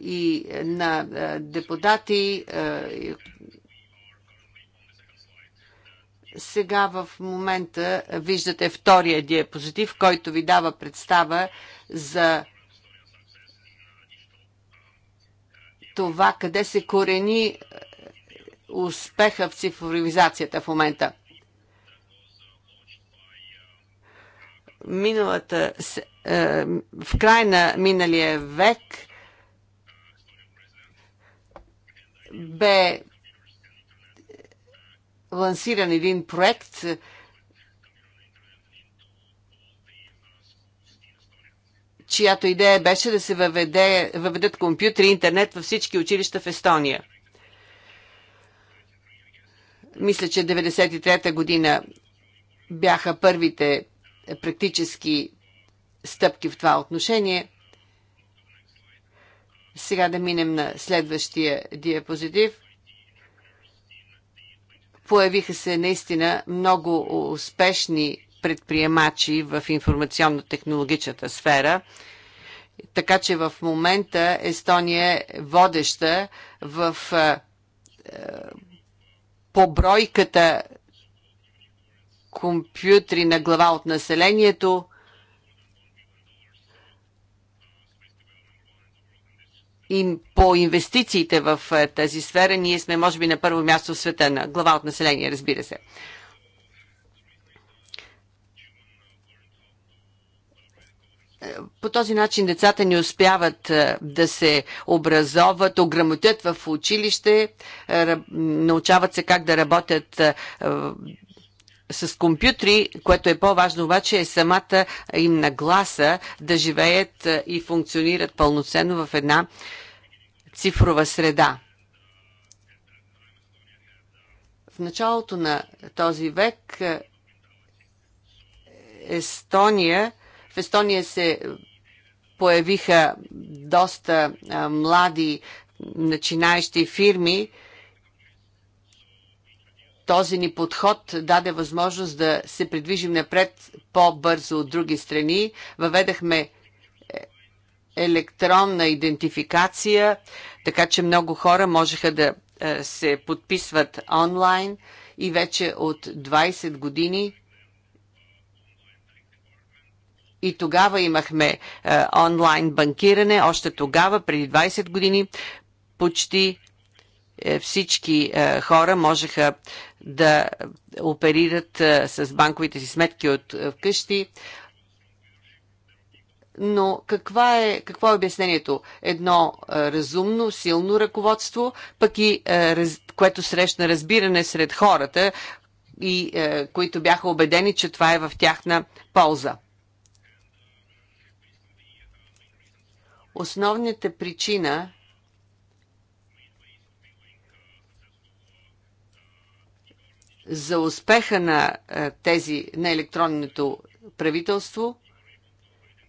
и на депутати. Сега в момента виждате втория диапозитив, който ви дава представа за това къде се корени е, успеха в цифровизацията в момента. Миналата, е, в край на миналия век бе лансиран един проект, чиято идея беше да се въведе, въведат компютри и интернет във всички училища в Естония. Мисля, че 1993 година бяха първите практически стъпки в това отношение. Сега да минем на следващия диапозитив. Появиха се наистина много успешни предприемачи в информационно-технологичната сфера. Така че в момента Естония е водеща в е, е, побройката компютри на глава от населението. И по инвестициите в е, тази сфера ние сме, може би, на първо място в света на глава от население, разбира се. По този начин децата не успяват е, да се образоват, ограмотят в училище, е, научават се как да работят е, с компютри, което е по-важно обаче е самата им нагласа да живеят и функционират пълноценно в една цифрова среда. В началото на този век Естония в Естония се появиха доста а, млади начинаещи фирми. Този ни подход даде възможност да се придвижим напред по-бързо от други страни. Въведахме е, електронна идентификация, така че много хора можеха да е, се подписват онлайн и вече от 20 години и тогава имахме е, онлайн банкиране, още тогава, преди 20 години, почти е, всички е, хора можеха да оперират е, с банковите си сметки от е, вкъщи. Но каква е, какво е обяснението? Едно е, разумно, силно ръководство, пък и е, раз, което срещна разбиране сред хората, и е, които бяха убедени, че това е в тяхна полза. Основната причина за успеха на е, тези на електронното правителство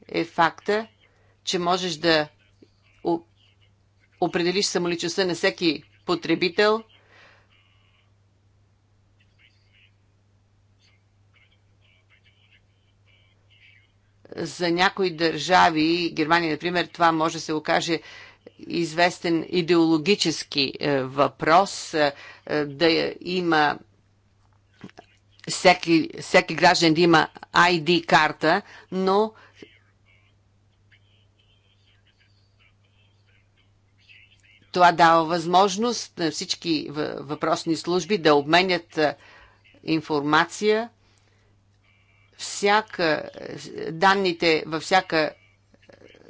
е факта, че можеш да определиш самоличността на всеки потребител – За някои държави, Германия, например, това може да се окаже известен идеологически е, въпрос, е, е, да има всеки, всеки граждан да има ID карта, но това дава възможност на всички въпросни служби да обменят информация всяка, данните във всяка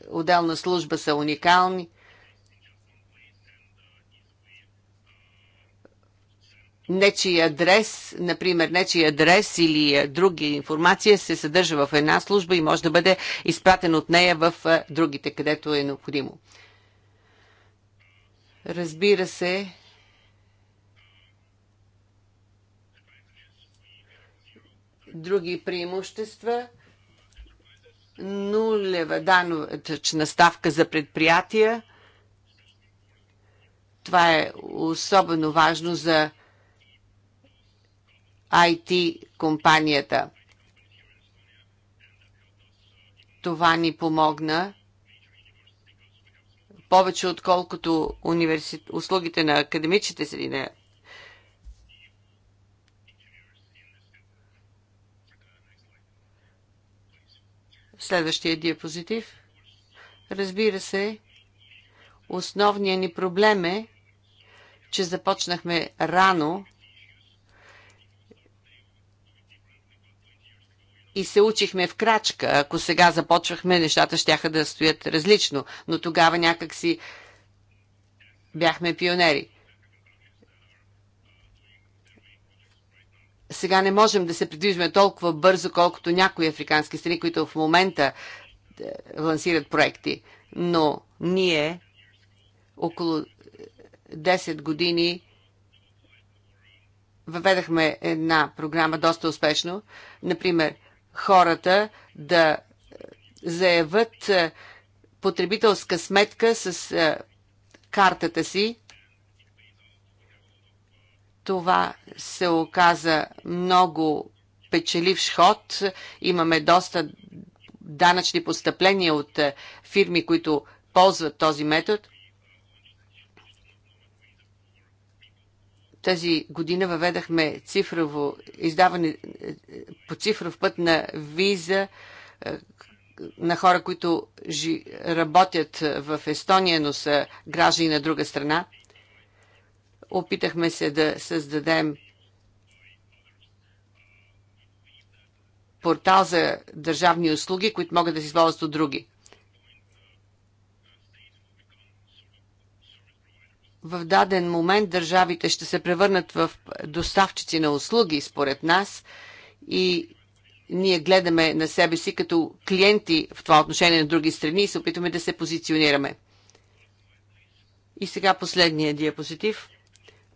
отделна служба са уникални. Нечи адрес, например, нечи адрес или е, други информация се съдържа в една служба и може да бъде изпратен от нея в е, другите, където е необходимо. Разбира се, други преимущества, нулева данъчна ставка за предприятия. Това е особено важно за IT компанията. Това ни помогна повече отколкото университ... услугите на академичните среди на Следващия диапозитив. Разбира се, основният ни проблем е, че започнахме рано и се учихме в крачка. Ако сега започвахме, нещата щяха да стоят различно, но тогава някакси бяхме пионери. сега не можем да се придвижваме толкова бързо, колкото някои африкански страни, които в момента е, лансират проекти. Но ние около 10 е, години въведахме една програма доста успешно. Например, хората да е, заявят потребителска сметка с картата си това се оказа много печеливш ход. Имаме доста данъчни постъпления от е, фирми, които ползват този метод. Тази година въведахме цифрово издаване е, по цифров път на виза е, на хора, които работят в Естония, но са граждани на друга страна. Опитахме се да създадем портал за държавни услуги, които могат да се използват от други. В даден момент държавите ще се превърнат в доставчици на услуги, според нас, и ние гледаме на себе си като клиенти в това отношение на други страни и се опитваме да се позиционираме. И сега последния диапозитив.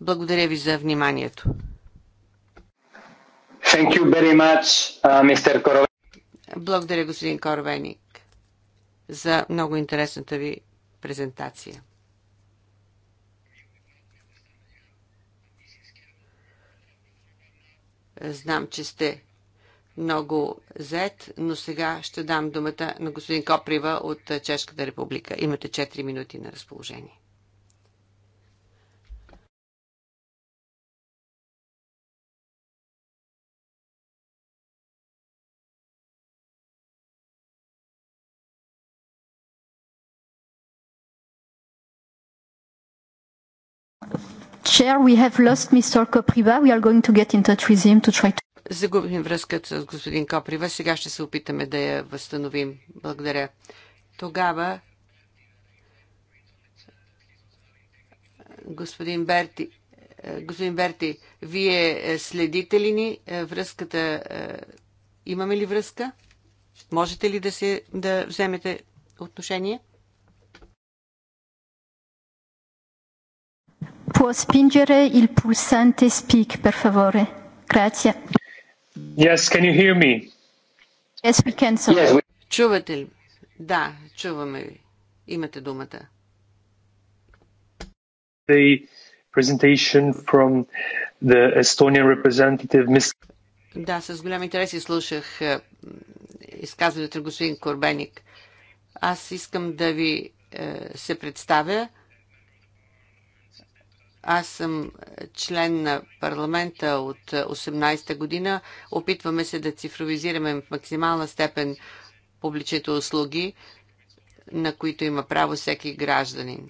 Благодаря ви за вниманието. Thank you very much, uh, Mr. Благодаря, господин Корвеник, за много интересната ви презентация. Знам, че сте много зет, но сега ще дам думата на господин Коприва от Чешката република. Имате 4 минути на разположение. Chair, we have lost Mr. Kopriva. We are going to get in touch with him to try to... Загубим връзката с господин Коприва. Сега ще се опитаме да я възстановим. Благодаря. Тогава господин Берти, е, господин Берти, вие е, следите ли ни е, връзката? Имаме ли връзка? Можете ли да, се, да вземете отношение? Può spingere il pulsante speak, per favore? Grazie. Yes, can you hear me? Yes, we can, sir. Yes, we... Чувате ли? Да, чуваме ви. Имате думата. The presentation from the Estonian representative, Ms. Да, с голям интерес слушах изказването на господин Корбеник. Аз искам да ви се представя. Аз съм член на парламента от 18-та година. Опитваме се да цифровизираме в максимална степен публичните услуги, на които има право всеки гражданин.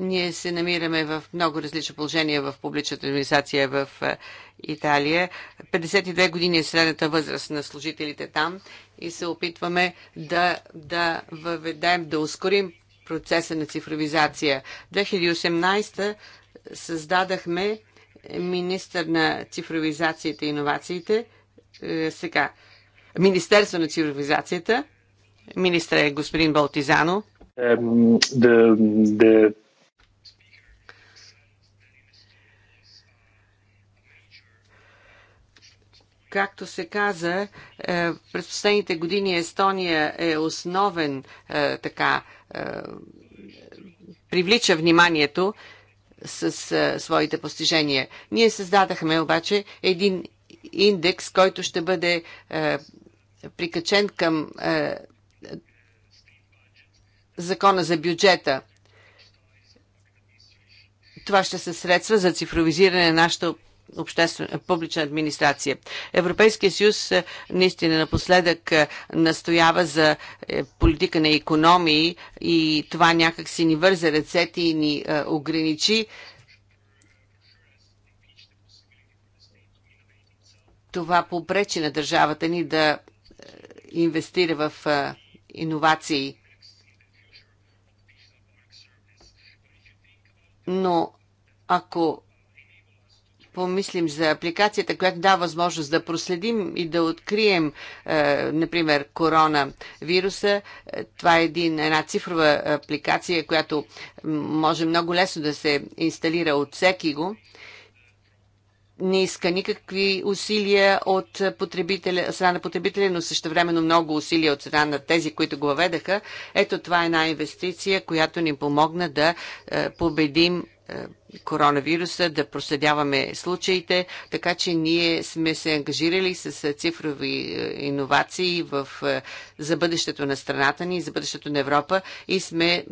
Ние се намираме в много различни положения в публичната администрация в е, Италия. 52 години е средната възраст на служителите там и се опитваме да, да въведем, да ускорим процеса на цифровизация. 2018 създадахме министър на цифровизацията и иновациите. Е, сега, Министерство на цифровизацията. Министър е господин Балтизано. The, the Както се каза, е, през последните години Естония е основен е, така е, привлича вниманието с своите постижения. Ние създадахме обаче един индекс, който ще бъде прикачен към закона за бюджета. Това ще се средства за цифровизиране на нашата обществен, публична администрация. Европейския съюз е, наистина напоследък е, настоява за е, политика на економии и това някак си ни върза ръцете и ни ограничи. Това попречи на държавата ни да инвестира в иновации. Но ако помислим за апликацията, която дава възможност да проследим и да открием, е, например, коронавируса. Е, това е един, една цифрова апликация, която може много лесно да се инсталира от всеки го не иска никакви усилия от потребителя, страна на потребителя, но също времено много усилия от страна на тези, които го въведаха. Ето това е една инвестиция, която ни помогна да е, победим коронавируса, да проследяваме случаите, така че ние сме се ангажирали с цифрови иновации в, за бъдещето на страната ни, за бъдещето на Европа и сме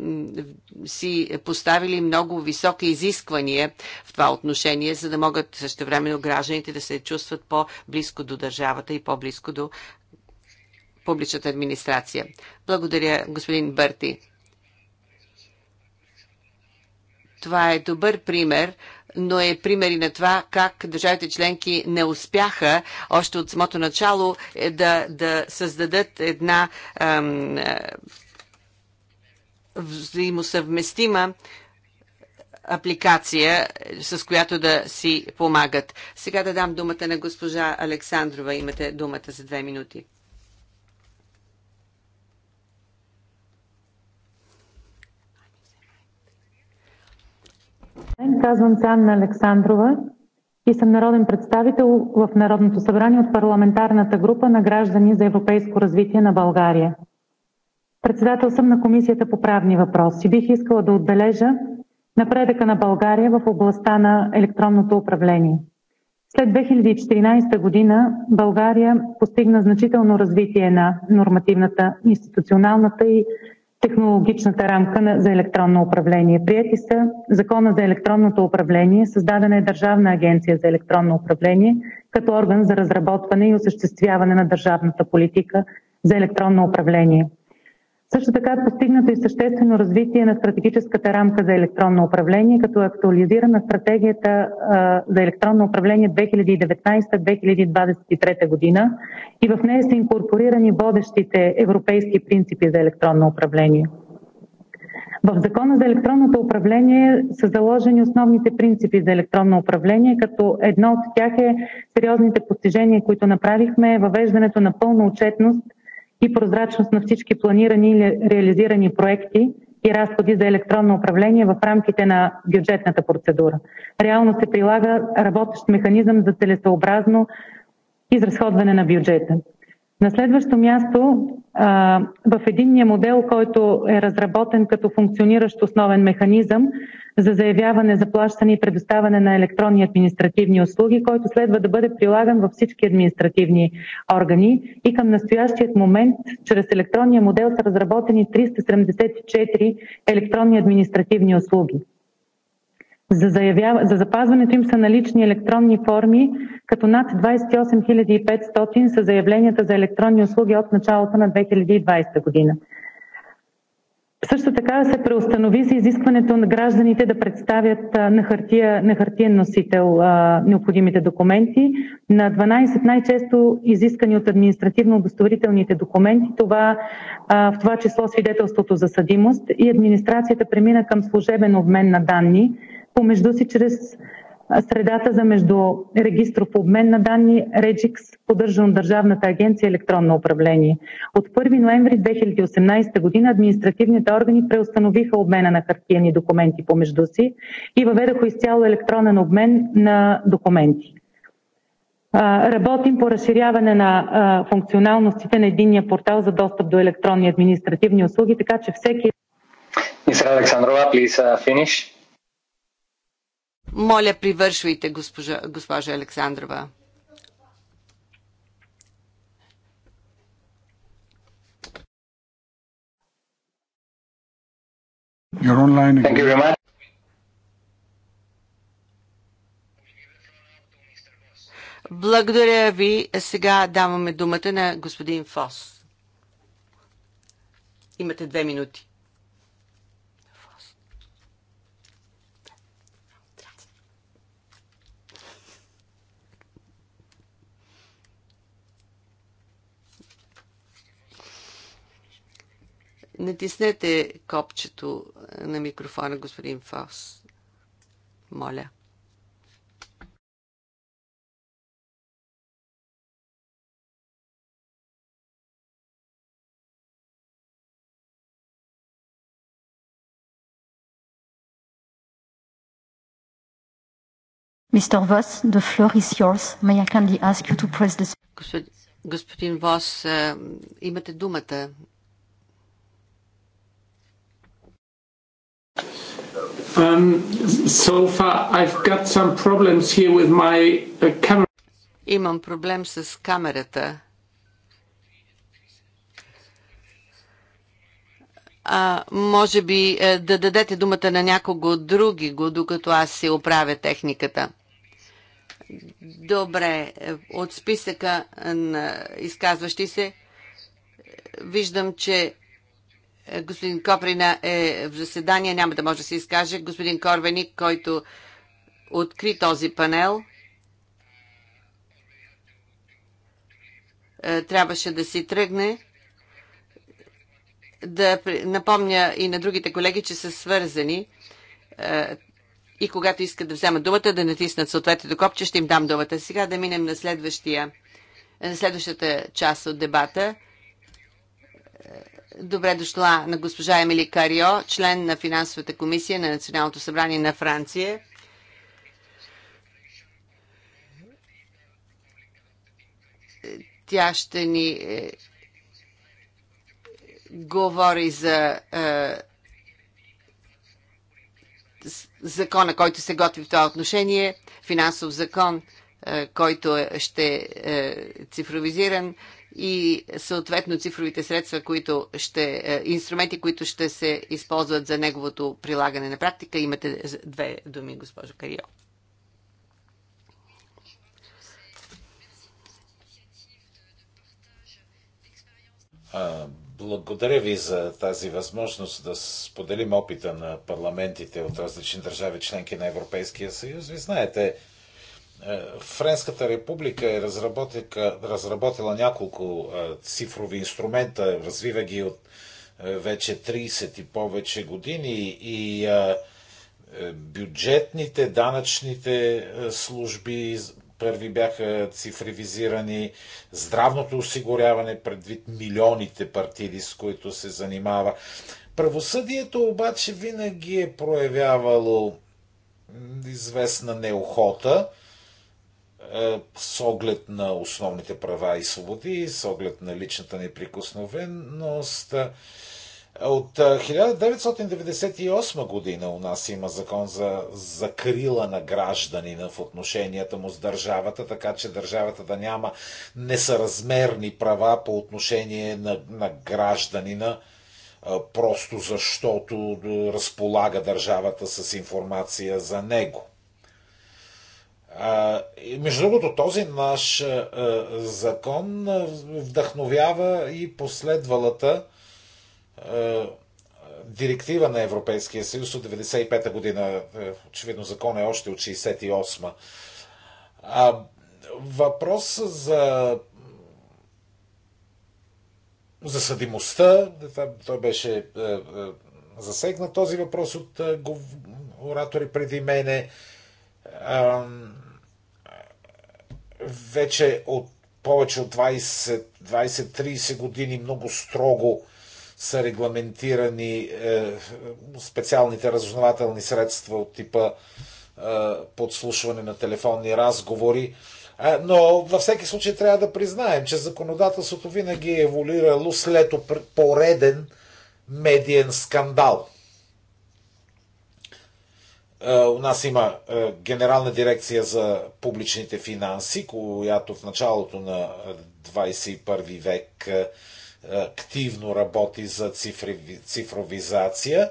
си поставили много високи изисквания в това отношение, за да могат същевременно гражданите да се чувстват по-близко до държавата и по-близко до публичната администрация. Благодаря, господин Бърти. Това е добър пример, но е примери на това как държавите членки не успяха още от самото начало е, да, да създадат една ам, е, взаимосъвместима апликация, с която да си помагат. Сега да дам думата на госпожа Александрова. Имате думата за две минути. Казвам се Анна Александрова и съм народен представител в Народното събрание от парламентарната група на „Граждани за европейско развитие на България“. Председател съм на Комисията по правни въпроси. Бих искала да отбележа напредъка на България в областта на електронното управление. След 2014 година България постигна значително развитие на нормативната, институционалната и технологичната рамка за електронно управление. Приети са Закона за електронното управление, създадена е Държавна агенция за електронно управление като орган за разработване и осъществяване на държавната политика за електронно управление. Също така е постигнато и съществено развитие на стратегическата рамка за електронно управление, като е актуализирана Стратегията за електронно управление 2019 – 2023 година и в нея са инкорпорирани водещите европейски принципи за електронно управление. В Закона за електронното управление са заложени основните принципи за електронно управление, като едно от тях е сериозните постижения, които направихме, е въвеждането на пълна отчетност и прозрачност на всички планирани и реализирани проекти и разходи за електронно управление в рамките на бюджетната процедура. Реално се прилага работещ механизъм за целесообразно изразходване на бюджета. На следващо място, в единния модел, който е разработен като функциониращ основен механизъм за заявяване, заплащане и предоставяне на електронни административни услуги, който следва да бъде прилаган във всички административни органи, и към настоящият момент чрез електронния модел са разработени 374 електронни административни услуги. За запазването им са налични електронни форми, като над 28 500 са заявленията за електронни услуги от началото на 2020 година. Също така се преустанови за изискването на гражданите да представят на хартиен носител необходимите документи. На 12 най-често изискани от административно-удостоверителните документи, Това в това число свидетелството за съдимост, и администрацията премина към служебен обмен на данни, помежду си чрез средата за между регистров обмен на данни REGIX, поддържан от Държавната агенция „Електронно управление“. От 1 ноември 2018 година административните органи преустановиха обмена на хартиени документи помежду си и въведоха изцяло електронен обмен на документи. Работим по разширяване на функционалностите на единния портал за достъп до електронни административни услуги, така че всеки. Мисля Александрова, please finish. Моля, привършвайте, госпожа, госпожа Александрова. You're online again. Thank you very much. Благодаря ви. Сега даваме думата на господин Фос. Имате две минути. Натиснете копчето на микрофона, господин Фаус. Моля. Мистер Voss, the floor is yours. May I kindly ask you to press the... Господин, господин Вос, е, имате думата. Um, so far I've got some problems here with my uh, camera. Имам проблем с камерата. А, може би е, да дадете думата на някого други го, докато аз си оправя техниката. Добре, е, от списъка е, на изказващи се виждам, че е, господин Коприна е в заседание, няма да може да се изкаже. Господин Корвеник, който откри този панел, е, трябваше да си тръгне. Да напомня и на другите колеги, че са свързани е, и когато искат да вземат думата, да натиснат съответното копче, ще им дам думата. Сега да минем на, следващия, на следващата част от дебата. Добре дошла на госпожа Емили Карио, член на финансовата комисия на Националното събрание на Франция. Тя ще ни е, говори за е, закона, който се готви в това отношение, финансов закон, е, който ще е цифровизиран и съответно цифровите средства, които ще, е, инструменти, които ще се използват за неговото прилагане на практика. Имате две думи, госпожо Карио. Благодаря ви за тази възможност да споделим опита на парламентите от различни държави, членки на Европейския съюз. Ви знаете, е, Френската република е разработила няколко е, цифрови инструмента, развива ги от е, вече 30 и повече години и бюджетните, данъчните служби първи бяха цифровизирани, здравното осигуряване предвид милионите партиди, с които се занимава. Правосъдието обаче винаги е проявявало известна неохота – е, с оглед на основните права и свободи, с оглед на личната неприкосновеност. Е, от 1998 е, година у нас има закон за закрила на гражданина в отношенията му с държавата, така че държавата да няма несъразмерни права по отношение на, на гражданина, просто защото разполага държавата с информация за него. Между другото, този наш закон вдъхновява и последвалата директива на Европейския съюз от 1995 та година. Е, очевидно, закон е още от 68 А Въпрос за за съдимостта, той беше е, е, засегнат този въпрос от оратори преди мене вече от повече от 20-30 години много строго са регламентирани е, специалните разузнавателни средства от типа е, подслушване на телефонни разговори. Е, но във всеки случай трябва да признаем, че законодателството винаги е еволюирало след пореден медиен скандал. Е, у нас има е, Генерална дирекция за публичните финанси, която в началото на 21 е, век активно работи за цифровизация.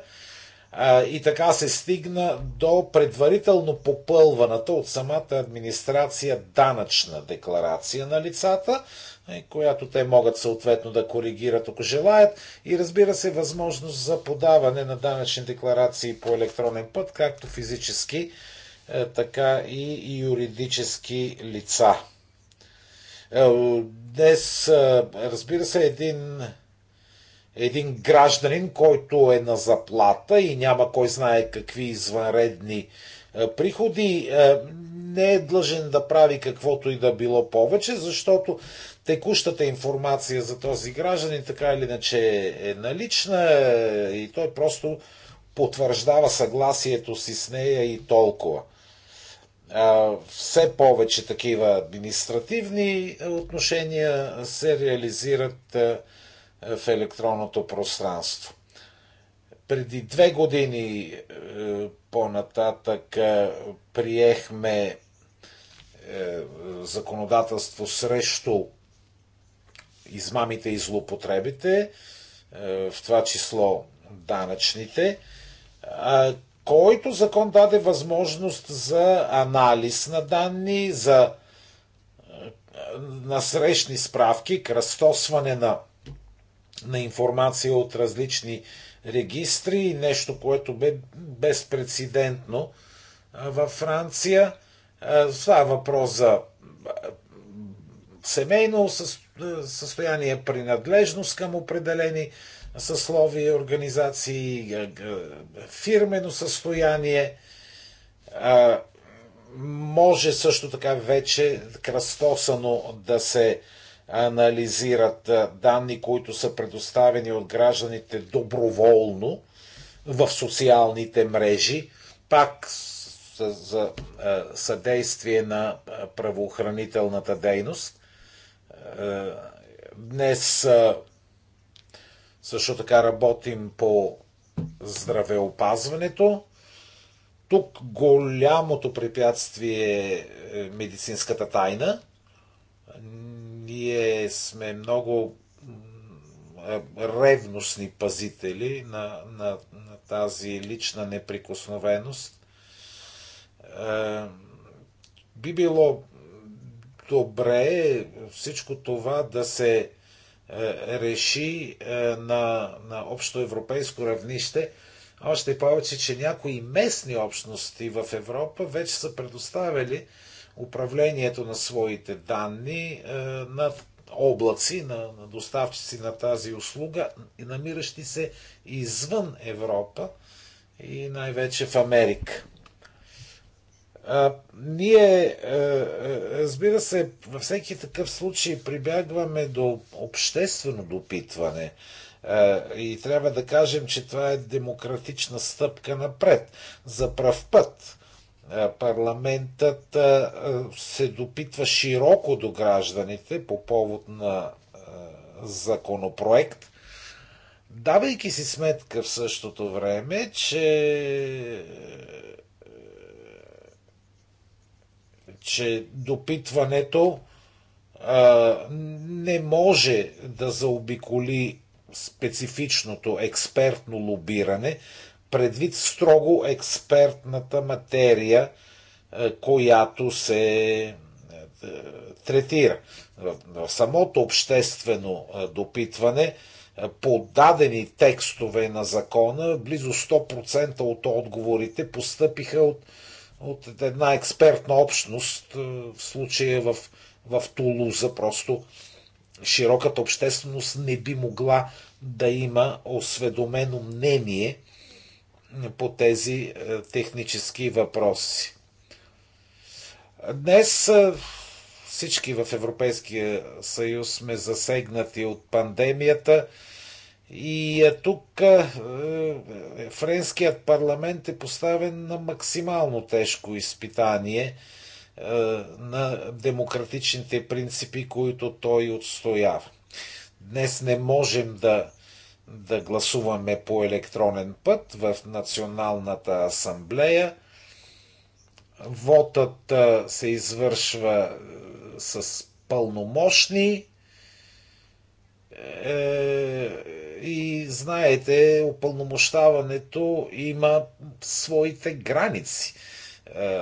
И така се стигна до предварително попълваната от самата администрация данъчна декларация на лицата, е, която те могат съответно да коригират, ако желаят. И разбира се, възможност за подаване на данъчни декларации по електронен път, както физически, е, така и юридически лица. Е, днес, разбира се, един, един гражданин, който е на заплата и няма кой знае какви извънредни приходи, не е длъжен да прави каквото и да било повече, защото текущата информация за този гражданин така или иначе е налична е, и той просто потвърждава съгласието си с нея и толкова. Все повече такива административни отношения се реализират в електронното пространство. Преди две години е, по-нататък приехме е, законодателство срещу измамите и злоупотребите, е, в това число данъчните, е, който закон даде възможност за анализ на данни, за насрещни справки, кръстосване на, на информация от различни регистри, нещо, което бе безпредседентно във Франция. Става е, е въпрос за е, семейно състояние, принадлежност към определени съсловия, организации, фирмено състояние. Може също така вече кръстосано да се анализират данни, които са предоставени от гражданите доброволно в социалните мрежи. Пак за е, съдействие на е, правоохранителната дейност. Е, днес също така работим по здравеопазването. Тук голямото препятствие е медицинската тайна. Ние сме много ревностни пазители на, на, на тази лична неприкосновеност е, би било добре всичко това да се е, реши е, на, на общо европейско равнище, още повече, че някои местни общности в Европа вече са предоставили управлението на своите данни на облаци, на, на доставчици на тази услуга, намиращи се извън Европа и най-вече в Америка. А, ние, а, е, е, разбира се, във всеки такъв случай прибягваме до обществено допитване а, е, и трябва да кажем, че това е демократична стъпка напред. За пръв път парламентът се допитва широко до гражданите по повод на законопроект, давайки си сметка в същото време, че че допитването а, не може да заобиколи специфичното експертно лобиране, предвид строго експертната материя, която се третира. В самото обществено допитване по дадени текстове на закона близо 100% от отговорите постъпиха от от една експертна общност, е, в случая в, в Тулуза, просто широката общественост не би могла да има осведомено мнение по тези е, технически въпроси. Днес е, всички в Европейския съюз сме засегнати от пандемията – и е, тук е, е, френският парламент е поставен на максимално тежко изпитание на демократичните принципи, които той отстоява. Днес не можем да, да гласуваме по електронен път в Националната асамблея. Вотът се извършва с пълномощни е, и знаете, опълномощаването има своите граници. Е,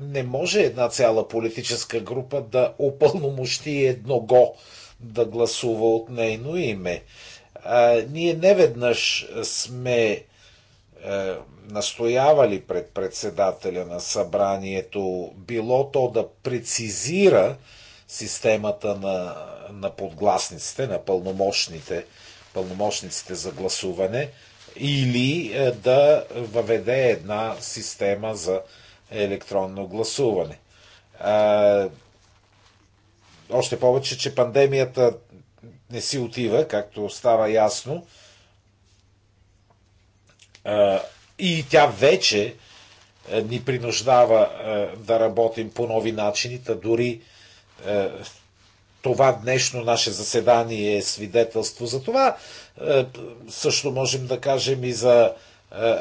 не може една цяла политическа група да опълномощи го да гласува от нейно име. Е, ние неведнъж сме настоявали пред председателя на събранието, било то да прецизира системата на, на подгласниците, на пълномощните, пълномощниците за гласуване, или е, да въведе една система за електронно гласуване. А, още повече, че пандемията не си отива, както става ясно. А, и тя вече е, ни принуждава е, да работим по нови начини, та дори е, това днешно наше заседание е свидетелство за това. Е, също можем да кажем и за е,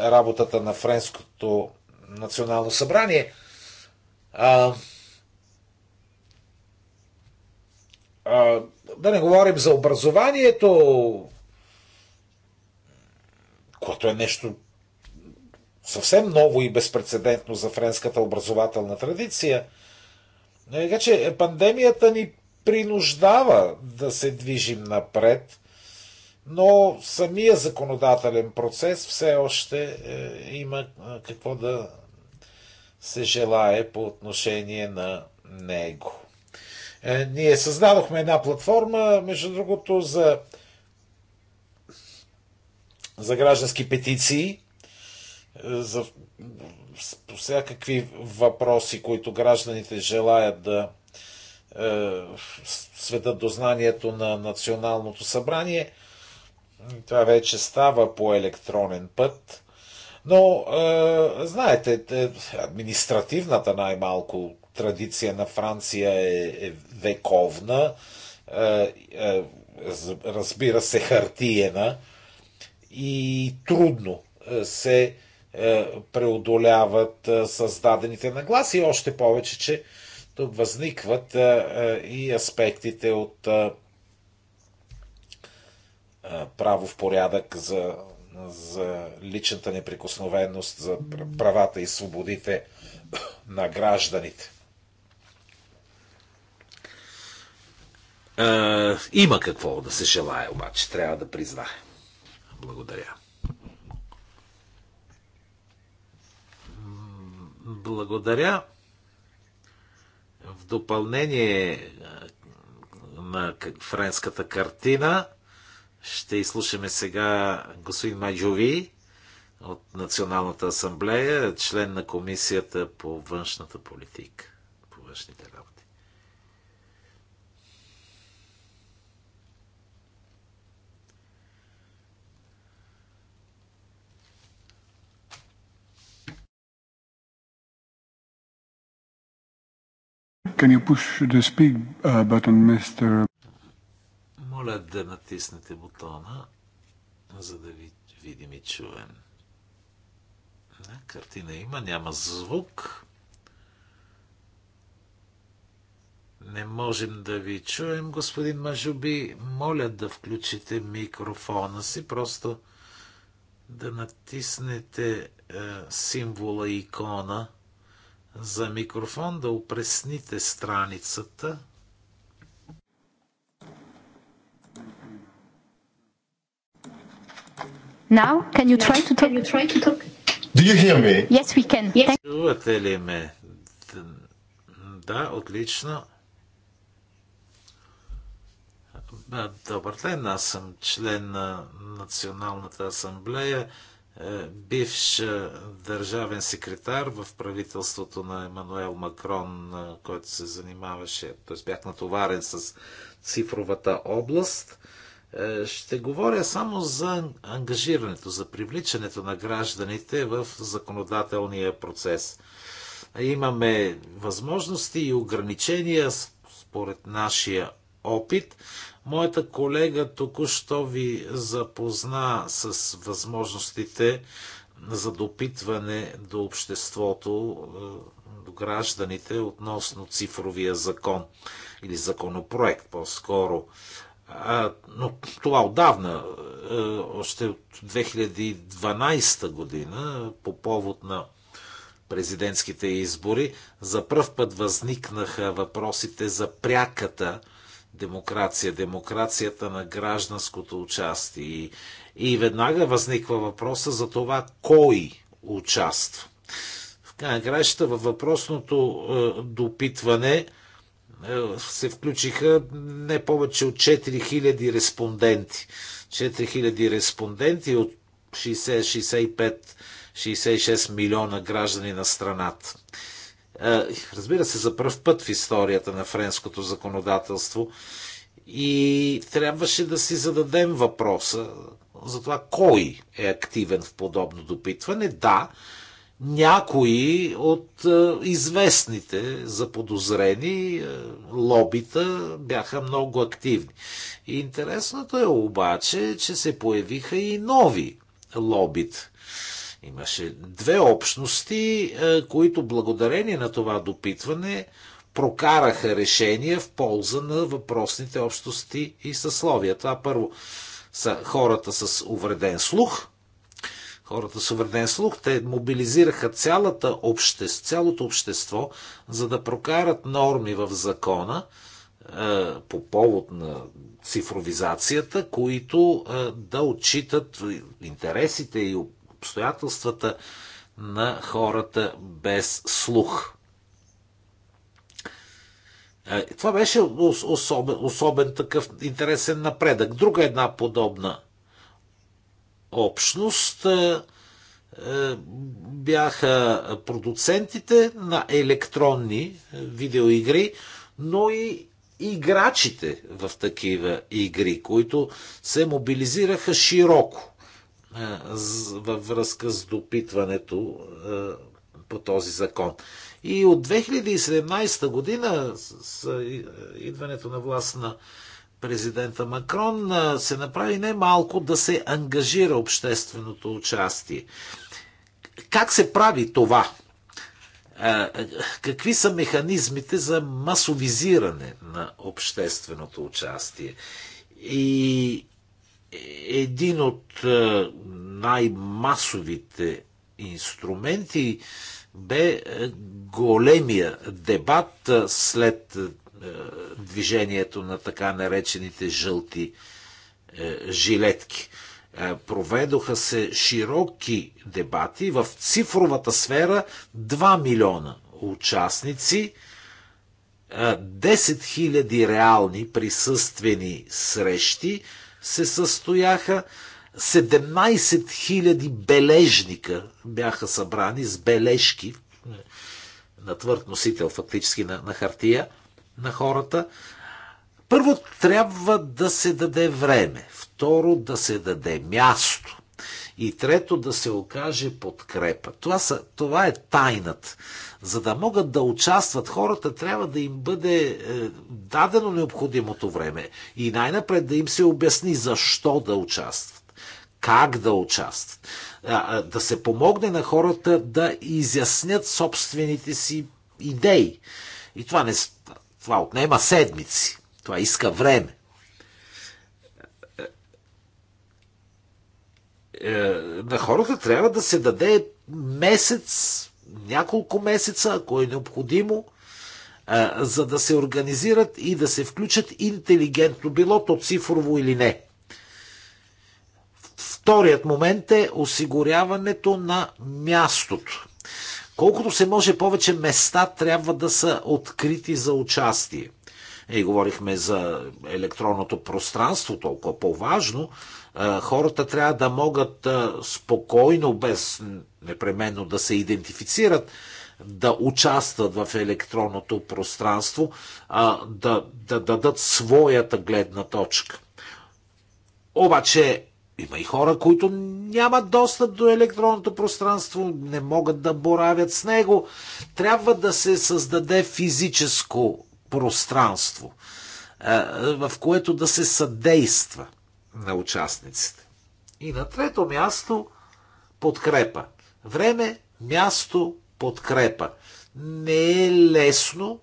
работата на Френското национално събрание. А, да не говорим за образованието, което е нещо съвсем ново и безпредседентно за френската образователна традиция – Нали, така че е, пандемията ни принуждава да се движим напред, но самия законодателен процес все още е, има какво да се желае по отношение на него. Е, ние създадохме една платформа, между другото, за, за граждански петиции, за по всякакви въпроси, които гражданите желаят да е, сведат до знанието на Националното събрание. Това вече става по електронен път. Но, е, знаете, е, административната най-малко традиция на Франция е, е вековна, е, е, разбира се, хартиена и трудно е, се е, е, преодоляват е, създадените нагласи, още повече, че тук възникват е, и аспектите от право в порядък за, за личната неприкосновеност, за правата и свободите [COUGHS] на гражданите. има какво да се желая, обаче, трябва да признае. Благодаря. Благодаря. В допълнение на френската картина ще изслушаме сега господин Маджови от Националната асамблея, член на Комисията по външната политика, по външните работи. Can you push the speak uh, button, Mr. Моля да натиснете бутона, за да ви видим и чуем. Да, картина има, няма звук. Не можем да ви чуем, господин Мажуби. Моля да включите микрофона си, просто да натиснете е, символа икона за микрофон, да опресните страницата. Now, can you try to talk? Do you hear me? Yes, we can. Yes. Чувате ли ме? Да, отлично. Добър ден, аз съм член на Националната асамблея бивш държавен секретар в правителството на Емануел Макрон, който се занимаваше, т.е. бях натоварен с цифровата област. Е, ще говоря само за ангажирането, за привличането на гражданите в законодателния процес. Имаме възможности и ограничения според нашия опит, Моята колега току-що ви запозна с възможностите за допитване до обществото, е, до гражданите относно цифровия закон или законопроект по-скоро. Но това отдавна, е, още от 2012 година, по повод на президентските избори, за първ път възникнаха въпросите за пряката демокрация, демокрацията на гражданското участие. И, и веднага възниква въпроса за това кой участва. В крайна във въпросното е, допитване е, се включиха не повече от 4000 респонденти. 4000 респонденти от 60, 65, 66 милиона граждани на страната. Е, разбира се, за първ път в историята на френското законодателство. И трябваше да си зададем въпроса за това кой е активен в подобно допитване. Да, някои от е, известните заподозрени е, лобита бяха много активни. Интересното е обаче, че се появиха и нови лобита Имаше две общности, е, които благодарение на това допитване прокараха решения в полза на въпросните общности и съсловия. Това първо са хората с увреден слух. Хората с увреден слух, те мобилизираха цялата общество, цялото общество, за да прокарат норми в закона е, по повод на цифровизацията, които е, да отчитат интересите и обстоятелствата на хората без слух. Е, това беше особен, особен такъв интересен напредък. Друга една подобна общност е, е, бяха продуцентите на електронни видеоигри, но и играчите в такива игри, които се мобилизираха широко във връзка с допитването по този закон. И от 2017 година, с идването на власт на президента Макрон, се направи немалко да се ангажира общественото участие. Как се прави това? Какви са механизмите за масовизиране на общественото участие? И един от е, най-масовите инструменти бе е, големия дебат е, след движението на така наречените жълти жилетки. Проведоха се широки дебати в цифровата сфера 2 милиона участници, 10 000 реални присъствени срещи, се състояха. 17 000 бележника бяха събрани с бележки на твърд носител, фактически на, на хартия на хората. Първо, трябва да се даде време. Второ, да се даде място. И трето, да се окаже подкрепа. Това, са, това е тайнат за да могат да участват хората, трябва да им бъде е, дадено необходимото време и най-напред да им се обясни защо да участват как да участват. Да се помогне на хората да изяснят собствените си идеи. И това, не, това отнема седмици. Това иска време. Е, на хората трябва да се даде месец няколко месеца, ако е необходимо, за да се организират и да се включат интелигентно, било то цифрово или не. Вторият момент е осигуряването на мястото. Колкото се може повече места трябва да са открити за участие. И говорихме за електронното пространство, толкова по-важно, Хората трябва да могат спокойно, без непременно да се идентифицират, да участват в електронното пространство, да, да дадат своята гледна точка. Обаче има и хора, които нямат достъп до електронното пространство, не могат да боравят с него. Трябва да се създаде физическо пространство, в което да се съдейства – на участниците. И на трето място подкрепа. Време, място, подкрепа. Не е лесно,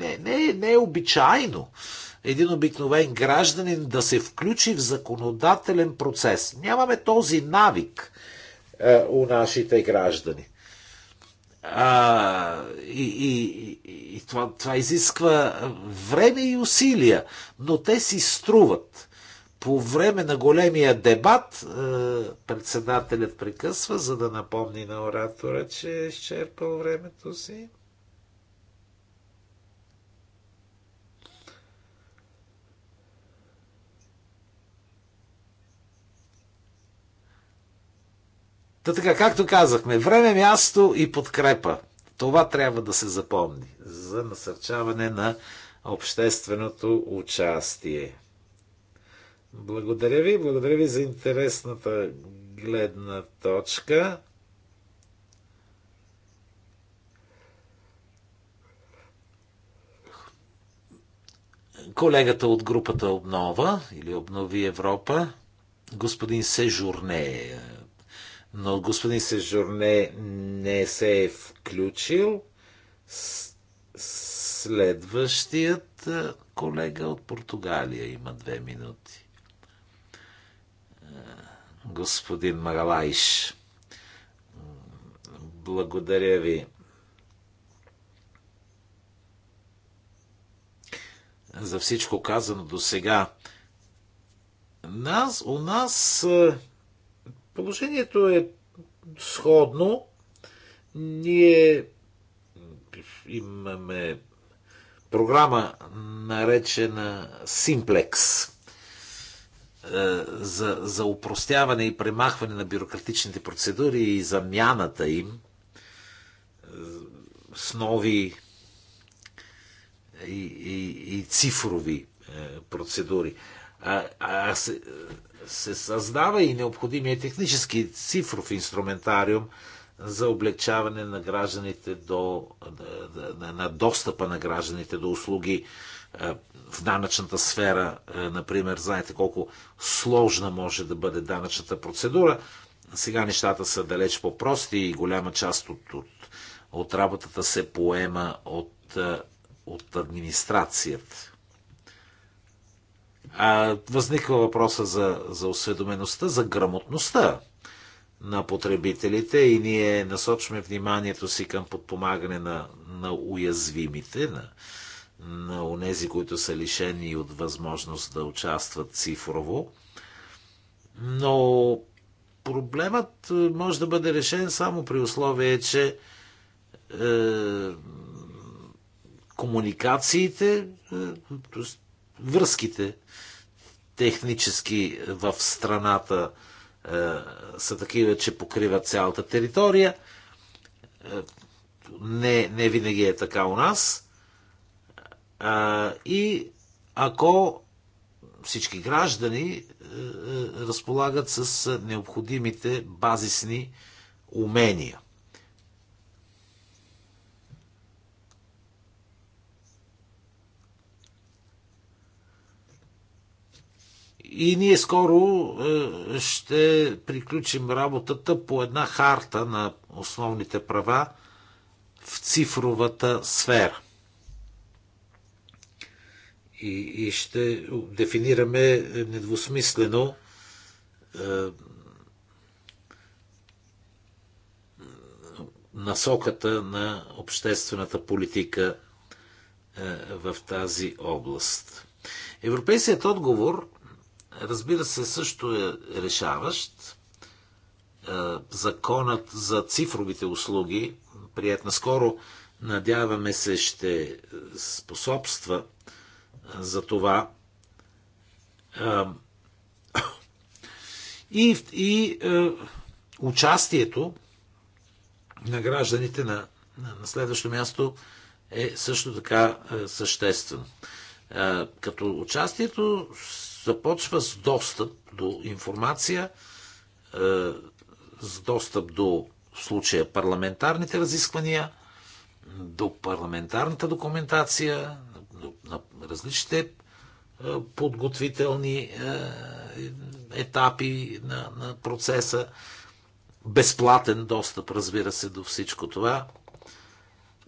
не, не, не е обичайно един обикновен гражданин да се включи в законодателен процес. Нямаме този навик е, у нашите граждани. А, и и, и това, това изисква време и усилия, но те си струват по време на големия дебат е, председателят прекъсва, за да напомни на оратора, че е изчерпал времето си. Та така, както казахме, време, място и подкрепа. Това трябва да се запомни за насърчаване на общественото участие. Благодаря ви, благодаря ви за интересната гледна точка. Колегата от групата Обнова или Обнови Европа, господин Сежурне, но господин Сежурне не се е включил. Следващият е, колега от Португалия има две минути господин Магалайш. Благодаря ви. за всичко казано до сега. Нас, у нас е, положението е сходно. Ние имаме програма наречена Simplex. Е, за, за упростяване и премахване на бюрократичните процедури и замяната им е, с нови и, и, и цифрови е, процедури. А, а се, се създава и необходимия технически цифров инструментариум за облегчаване на гражданите до, на, на достъпа на гражданите до услуги в данъчната сфера, е, например, знаете колко сложна може да бъде данъчната процедура. Сега нещата са далеч по-прости и голяма част от, от, от работата се поема от, е, от администрацията. А, възниква въпроса за, за осведомеността, за грамотността на потребителите и ние насочваме вниманието си към подпомагане на, на уязвимите, на, на онези, които са лишени от възможност да участват цифрово. Но проблемът е, може да бъде решен само при условие, че е, комуникациите, е, връзките технически в страната е, са такива, че покриват цялата територия. Е, не, не винаги е така у нас и ако всички граждани е, е, разполагат с необходимите базисни умения. И ние скоро е, ще приключим работата по една харта на основните права в цифровата сфера и, и ще дефинираме недвусмислено е, насоката на обществената политика е, в тази област. Европейският отговор, разбира се, също е решаващ. Е, законът за цифровите услуги, прият наскоро, надяваме се, ще способства за това. [COUGHS] И, и е, участието на гражданите на, на следващо място е също така е, съществено. Е, като участието започва с достъп до информация, с достъп до в случая парламентарните разисквания, до парламентарната документация, на различните е, подготвителни е, етапи на, на процеса. Безплатен достъп, разбира се, до всичко това.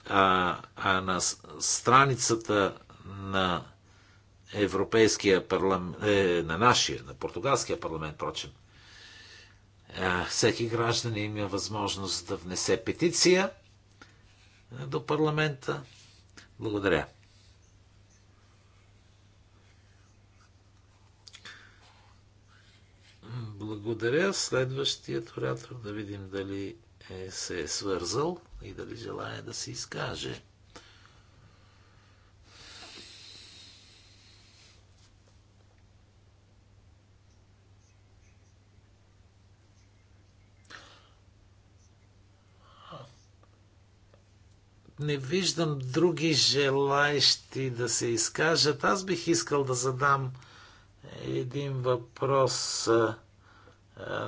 А, а на страницата на Европейския парламент, е, на нашия, на португалския парламент, прочим, е, всеки гражданин има възможност да внесе петиция до парламента. Благодаря. Благодаря. Следващият оратор да видим дали е, се е свързал и дали желая да се изкаже. не виждам други желаещи да се изкажат. Аз бих искал да задам един въпрос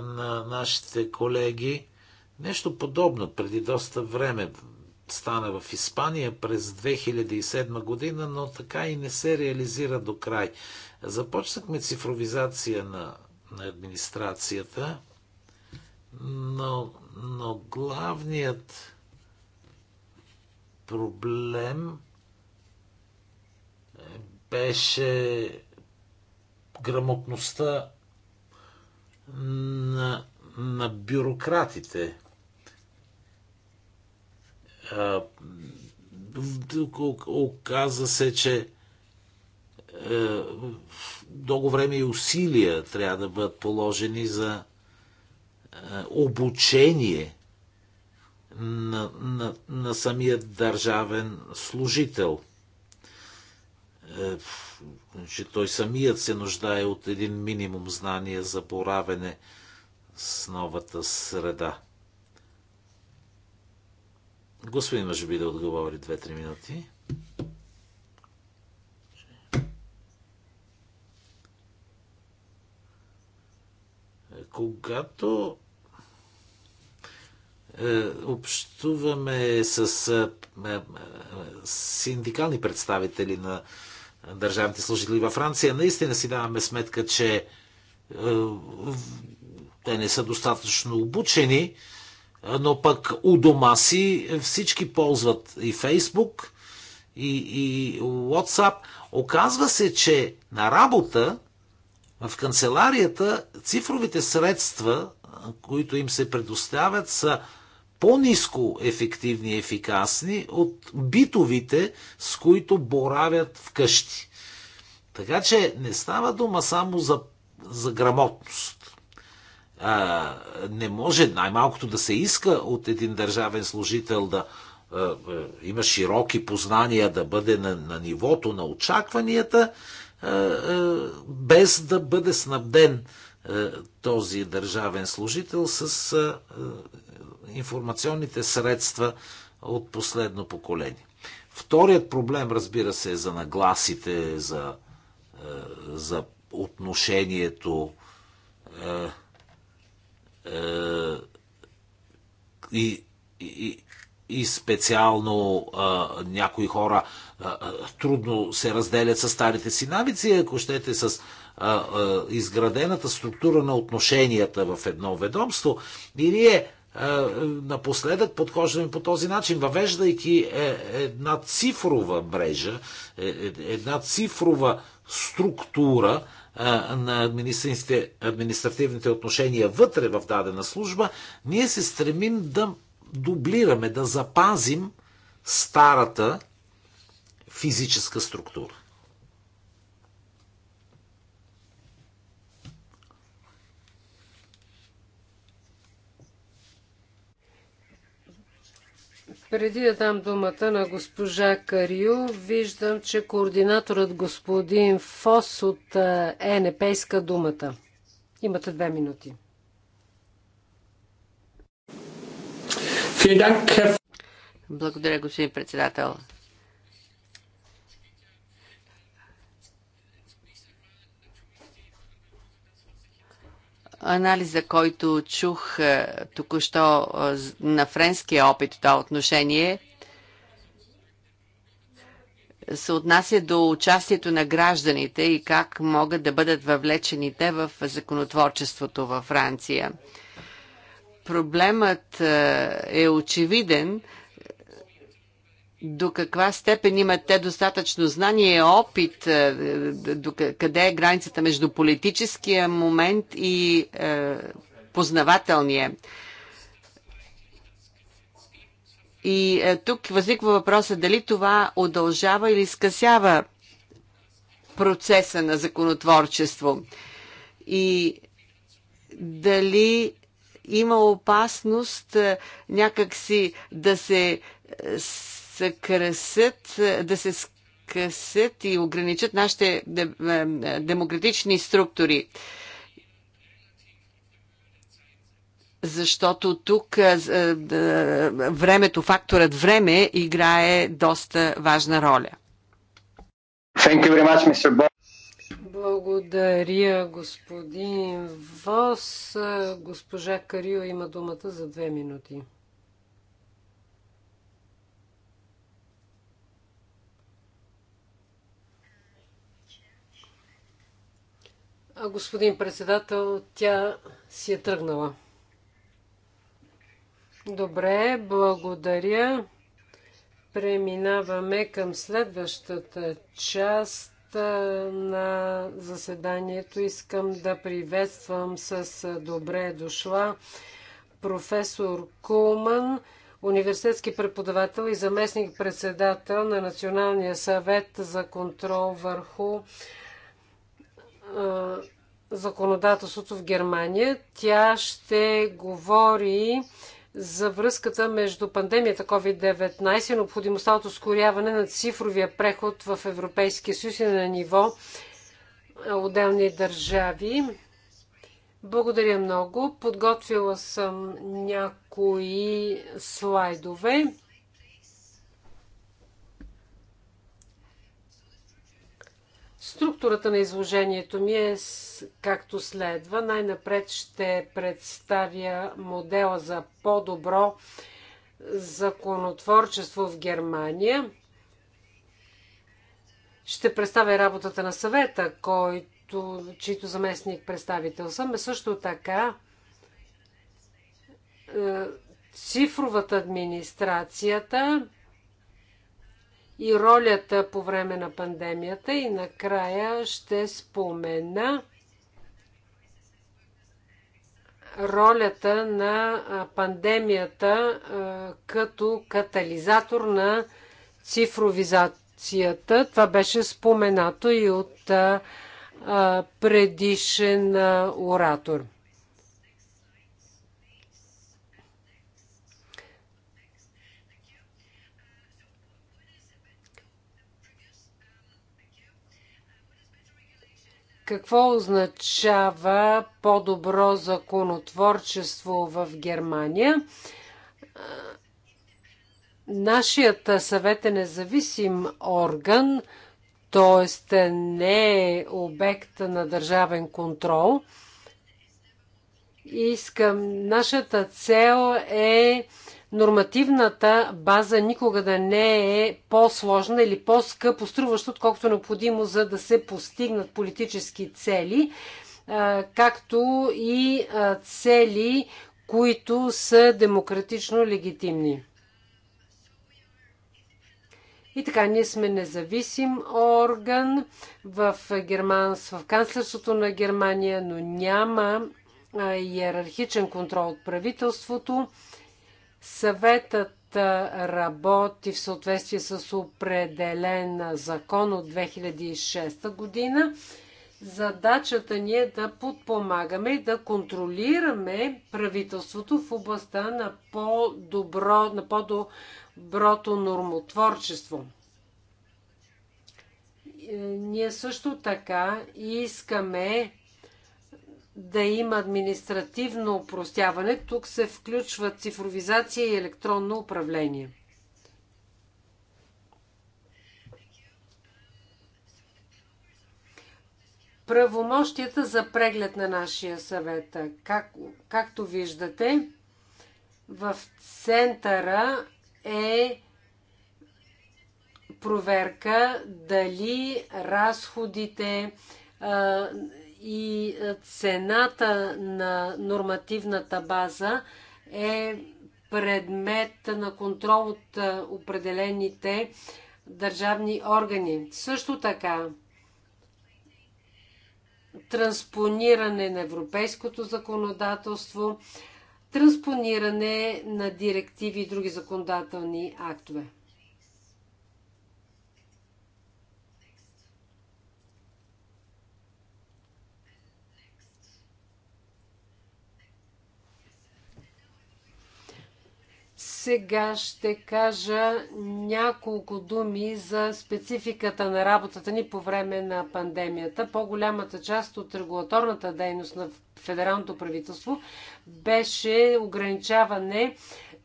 на нашите колеги. Нещо подобно преди доста време стана в Испания през 2007 година, но така и не се реализира до край. Започнахме цифровизация на, на администрацията, но, но главният проблем беше грамотността на, на бюрократите. Оказа се, че е, дълго време и усилия трябва да бъдат положени за е, обучение на, на, на самия държавен служител – е, че той самият се нуждае от един минимум знания за поравене с новата среда. Господин може би да отговори 2-3 минути. Е, когато е, общуваме с синдикални представители на държавните служители във Франция, наистина си даваме сметка, че е, те не са достатъчно обучени, но пък у дома си всички ползват и Фейсбук, и, и WhatsApp. Оказва се, че на работа в канцеларията цифровите средства, които им се предоставят, са по-низко ефективни и ефикасни от битовите, с които боравят вкъщи. Така че не става дума само за, за грамотност. А, не може най-малкото да се иска от един държавен служител да а, а, има широки познания, да бъде на, на нивото на очакванията, а, а, без да бъде снабден този държавен служител с информационните средства от последно поколение. Вторият проблем, разбира се, е за нагласите, за, е, за отношението е, е, и, и, и специално а, някои хора а, трудно се разделят с старите си навици, ако щете с а, а, изградената структура на отношенията в едно ведомство. или е. Е, напоследък подхождаме по този начин, въвеждайки е, една цифрова мрежа, е, една цифрова структура на административните отношения вътре в дадена служба, ние се стремим да дублираме, да запазим старата физическа структура. Преди да дам думата на госпожа Карио, виждам, че координаторът господин Фос от ЕНП иска думата. Имате две минути. Благодаря, господин председател. Анализа, който чух е, току-що е, на френския опит в това отношение, се отнася до участието на гражданите и как могат да бъдат въвлечени те в законотворчеството във Франция. Проблемът е, е очевиден, до каква степен имат те достатъчно знание и опит, е, е, къде е границата между политическия момент и е, познавателния. И тук възниква въпроса дали това удължава или скъсява процеса на законотворчество и дали има опасност някакси да се съкръсят, е, да се скъсят и ограничат нашите е, демократични структури. Защото тук е, времето, факторът време играе доста важна роля. Thank you very much, Mr. Bo- благодаря, господин Вос. Госпожа Карио има думата за две минути. А господин председател, тя си е тръгнала. Добре, благодаря. Преминаваме към следващата част на заседанието. Искам да приветствам с добре дошла професор Кулман, университетски преподавател и заместник председател на Националния съвет за контрол върху законодателството в Германия. Тя ще говори за връзката между пандемията COVID-19 и необходимостта от ускоряване на цифровия преход в Европейския съюз и на ниво отделни държави. Благодаря много. Подготвила съм някои слайдове. Структурата на изложението ми е както следва. Най-напред ще представя модела за по-добро законотворчество в Германия. Ще представя работата на съвета, който, чийто заместник представител съм. Е също така е, цифровата администрацията и ролята по време на пандемията. И накрая ще спомена ролята на пандемията като катализатор на цифровизацията. Това беше споменато и от предишен оратор. Какво означава по-добро законотворчество в Германия? Нашият съвет е независим орган, т.е. не е обект на държавен контрол. Искам, нашата цел е нормативната база никога да не е по-сложна или по-скъпо струваща, отколкото е необходимо, за да се постигнат политически цели, както и цели, които са демократично легитимни. И така, ние сме независим орган в, Германс, в канцлерството на Германия, но няма иерархичен контрол от правителството. Съветът работи в съответствие с определен закон от 2006 година. Задачата ни е да подпомагаме и да контролираме правителството в областта на, по-добро, на по-доброто нормотворчество. Е, ние също така искаме да има административно упростяване, тук се включват цифровизация и електронно управление. Правомощията за преглед на нашия съвет. Как, както виждате, в центъра е проверка дали разходите и е, цената на нормативната база е предмет на контрол от е, определените държавни органи. Също така, транспониране на европейското законодателство, транспониране на директиви и други законодателни актове. Сега ще кажа няколко думи за спецификата на работата ни по време на пандемията. По-голямата част от регулаторната дейност на федералното правителство беше ограничаване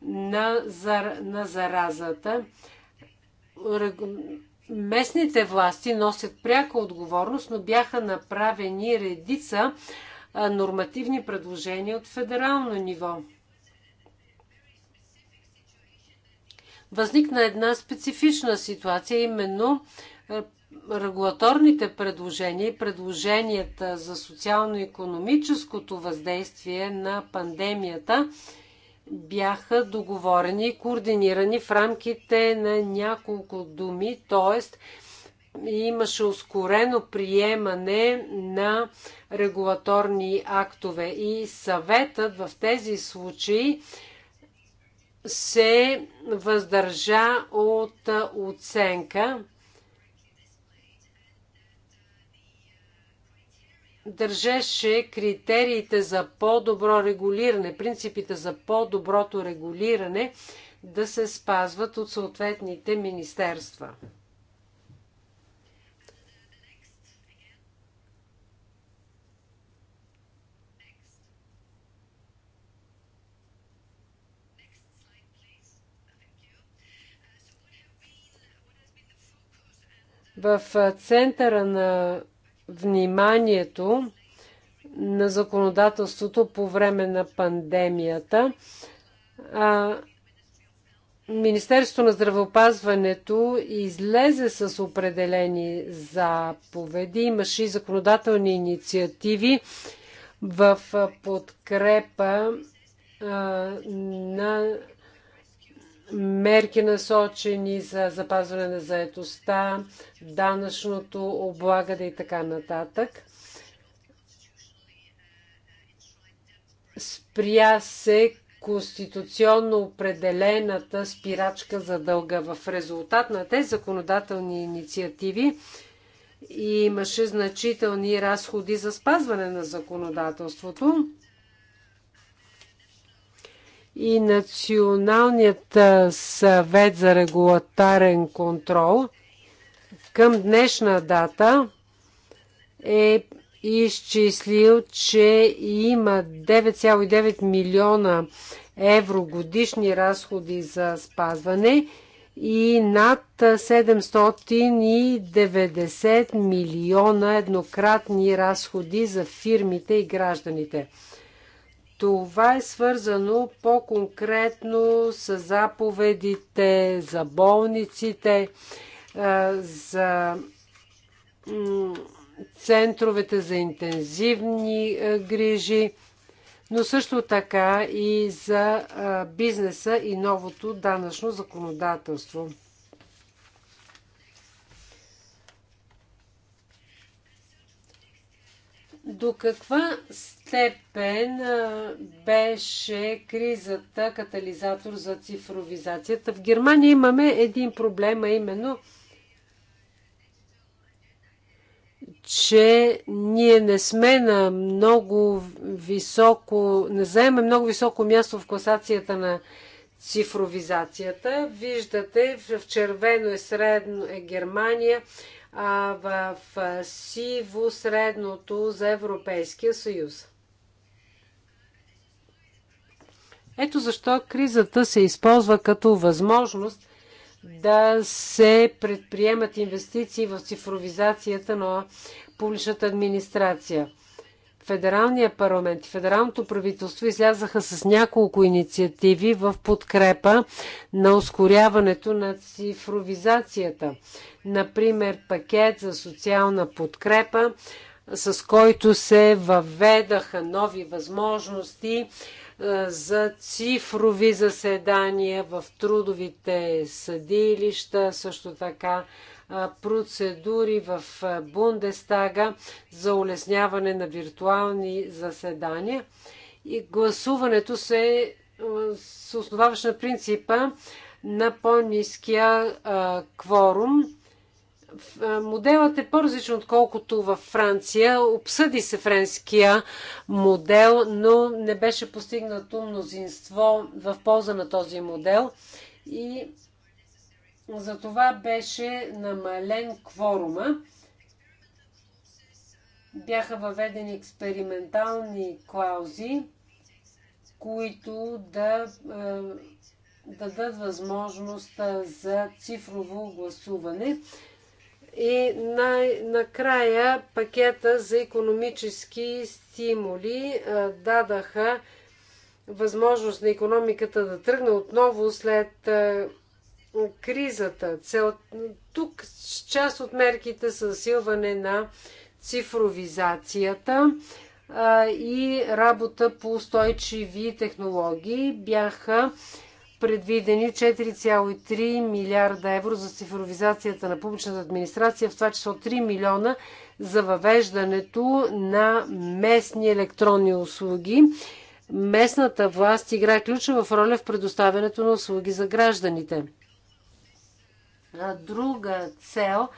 на, зар... на заразата. Местните власти носят пряка отговорност, но бяха направени редица нормативни предложения от федерално ниво. възникна една специфична ситуация, именно е, регулаторните предложения и предложенията за социално-економическото въздействие на пандемията бяха договорени и координирани в рамките на няколко думи, т.е. имаше ускорено приемане на регулаторни актове и съветът в тези случаи се въздържа от оценка. държеше критериите за по-добро регулиране, принципите за по-доброто регулиране да се спазват от съответните министерства. в центъра на вниманието на законодателството по време на пандемията. Министерството на здравеопазването излезе с определени заповеди, имаше и законодателни инициативи в подкрепа а, на мерки насочени за запазване на заетостта, данъчното облагане и така нататък. Спря се конституционно определената спирачка за дълга. В резултат на тези законодателни инициативи и имаше значителни разходи за спазване на законодателството и Националният съвет за регулатарен контрол към днешна дата е изчислил, че има 9,9 милиона евро годишни разходи за спазване и над 790 милиона еднократни разходи за фирмите и гражданите. Това е свързано по-конкретно с заповедите за болниците, е, за центровете за интензивни е, грижи, но също така и за е, бизнеса и новото данъчно законодателство. До каква степен беше кризата катализатор за цифровизацията? В Германия имаме един проблем, а именно, че ние не сме на много високо, не заеме много високо място в класацията на цифровизацията. Виждате, в червено е средно е Германия, а в сиво средното за Европейския съюз. Ето защо кризата се използва като възможност да се предприемат инвестиции в цифровизацията на публичната администрация. Федералния парламент и федералното правителство излязаха с няколко инициативи в подкрепа на ускоряването на цифровизацията. Например, пакет за социална подкрепа, с който се въведаха нови възможности е, за цифрови заседания в трудовите съдилища, също така процедури в Бундестага за улесняване на виртуални заседания. И гласуването се, се основаваше на принципа на по-низкия кворум. Моделът е по-различен, отколкото във Франция. Обсъди се френския модел, но не беше постигнато мнозинство в полза на този модел. И затова беше намален кворума. Бяха въведени експериментални клаузи, които да е, дадат възможност е, за цифрово гласуване. И най- накрая пакета за економически стимули е, дадаха възможност на економиката да тръгне отново след кризата. Цел... Тук част от мерките са засилване на цифровизацията а, и работа по устойчиви технологии бяха предвидени 4,3 милиарда евро за цифровизацията на публичната администрация, в това число 3 милиона за въвеждането на местни електронни услуги. Местната власт играе ключова роля в предоставянето на услуги за гражданите. Друга цел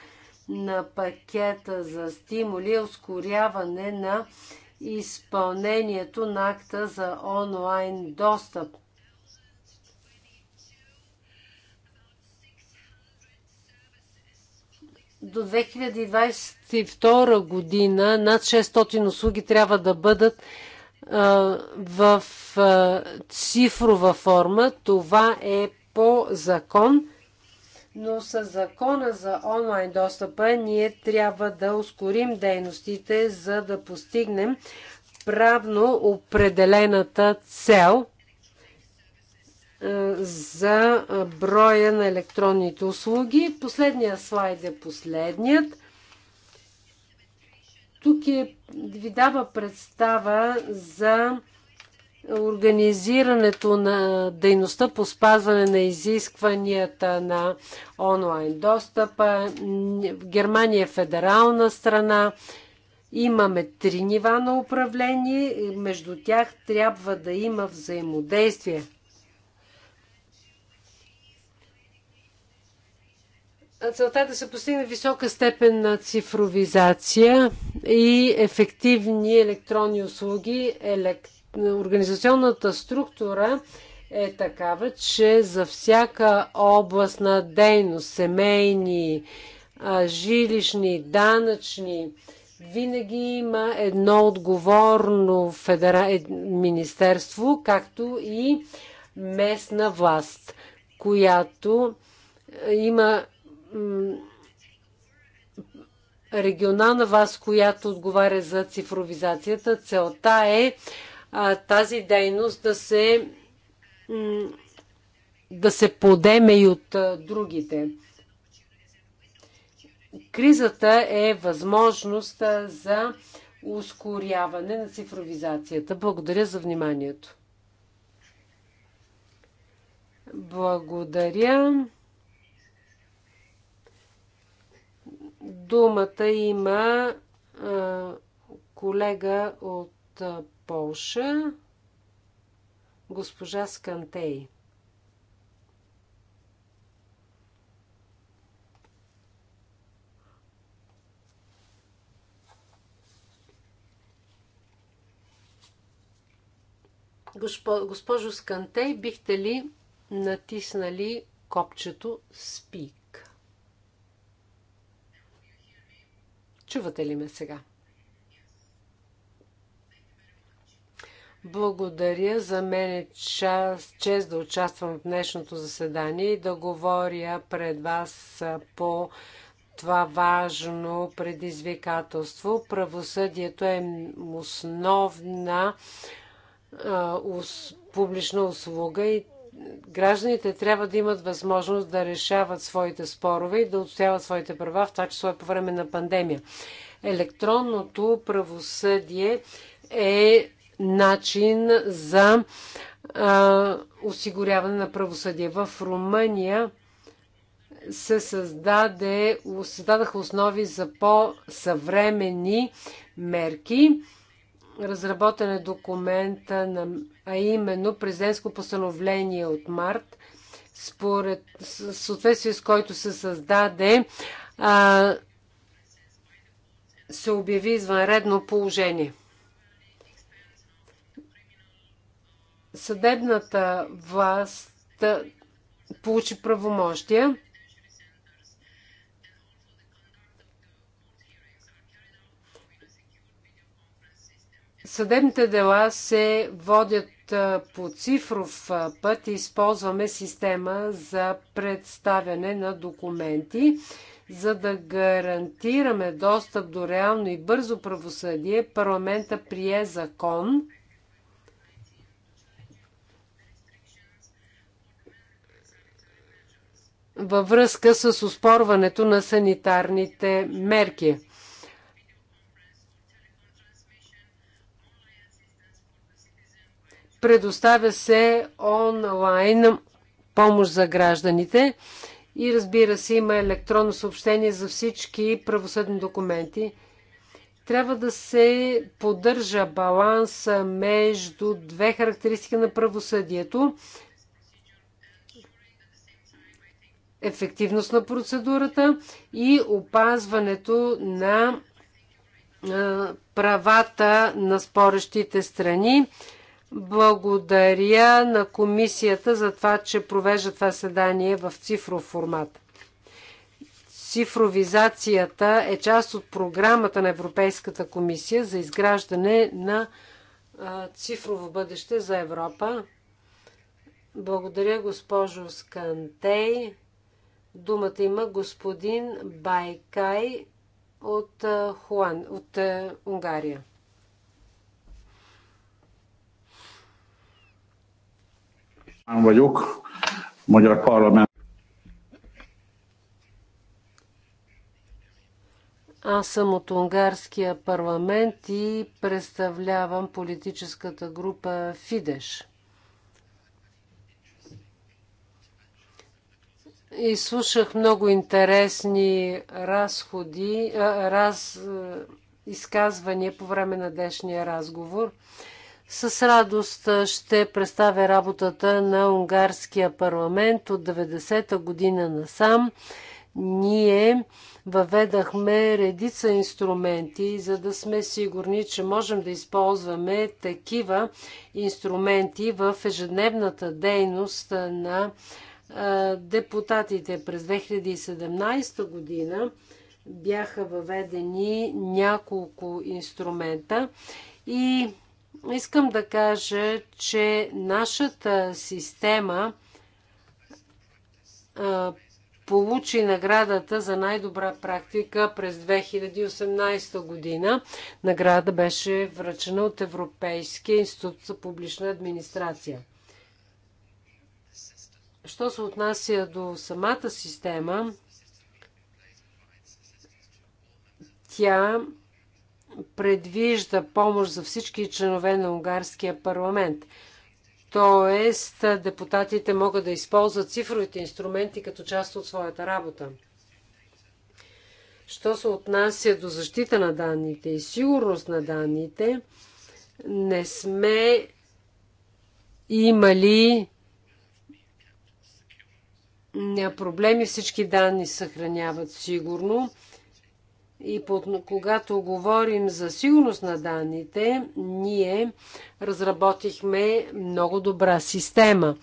на пакета за стимули е ускоряване на изпълнението на акта за онлайн достъп. До 2022 година над 600 услуги трябва да бъдат в цифрова форма. Това е по закон но с закона за онлайн достъпа ние трябва да ускорим дейностите, за да постигнем правно определената цел за броя на електронните услуги. Последния слайд е последният. Тук е, ви дава представа за организирането на дейността по спазване на изискванията на онлайн достъпа. Германия е федерална страна. Имаме три нива на управление. Между тях трябва да има взаимодействие. Целта е да се постигне висока степен на цифровизация и ефективни електронни услуги, електронни организационната структура е такава, че за всяка област на дейност, семейни, жилищни, данъчни, винаги има едно отговорно федера... министерство, както и местна власт, която е, има регионална власт, която отговаря за цифровизацията. Целта е тази дейност да се, да се подеме и от другите. Кризата е възможност за ускоряване на цифровизацията. Благодаря за вниманието. Благодаря. Думата има колега от Полша, госпожа Скантей. Госпожо Скантей, бихте ли натиснали копчето Speak? Чувате ли ме сега? Благодаря. За мен е чест, чест да участвам в днешното заседание и да говоря пред вас по това важно предизвикателство. Правосъдието е основна публична услуга и гражданите трябва да имат възможност да решават своите спорове и да отстояват своите права, в това число е по време на пандемия. Електронното правосъдие е начин за а, осигуряване на правосъдие. В Румъния се създаде, създадаха основи за по-съвремени мерки. Разработен е документа, на, а именно президентско постановление от март, според съответствие с който се създаде а, се обяви извънредно положение. съдебната власт получи правомощия. Съдебните дела се водят по цифров път и използваме система за представяне на документи, за да гарантираме достъп до реално и бързо правосъдие. Парламента прие закон – във връзка с успорването на санитарните мерки. Предоставя се онлайн помощ за гражданите и разбира се има електронно съобщение за всички правосъдни документи. Трябва да се поддържа баланса между две характеристики на правосъдието ефективност на процедурата и опазването на правата на спорещите страни. Благодаря на комисията за това, че провежда това седание в цифров формат. Цифровизацията е част от програмата на Европейската комисия за изграждане на цифрово бъдеще за Европа. Благодаря, госпожо Скантей. Думата има господин Байкай от, Хуан, от Унгария. Аз съм от Унгарския парламент и представлявам политическата група Фидеш. изслушах много интересни разходи, раз, изказвания по време на днешния разговор. С радост ще представя работата на Унгарския парламент от 90-та година насам. Ние въведахме редица инструменти, за да сме сигурни, че можем да използваме такива инструменти в ежедневната дейност на депутатите. През 2017 година бяха въведени няколко инструмента и искам да кажа, че нашата система получи наградата за най-добра практика през 2018 година. Награда беше връчена от Европейския институт за публична администрация. Що се отнася до самата система, тя предвижда помощ за всички членове на унгарския парламент. Тоест, депутатите могат да използват цифровите инструменти като част от своята работа. Що се отнася до защита на данните и сигурност на данните, не сме имали проблеми, всички данни съхраняват сигурно. И под, когато говорим за сигурност на данните, ние разработихме много добра система.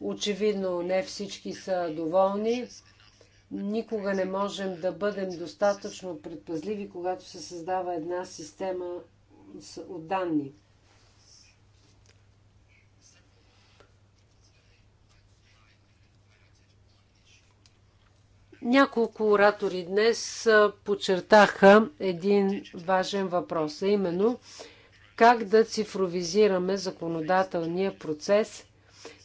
Очевидно не всички са доволни. Никога не можем да бъдем достатъчно предпазливи, когато се създава една система от данни. Няколко оратори днес подчертаха един важен въпрос, а именно как да цифровизираме законодателния процес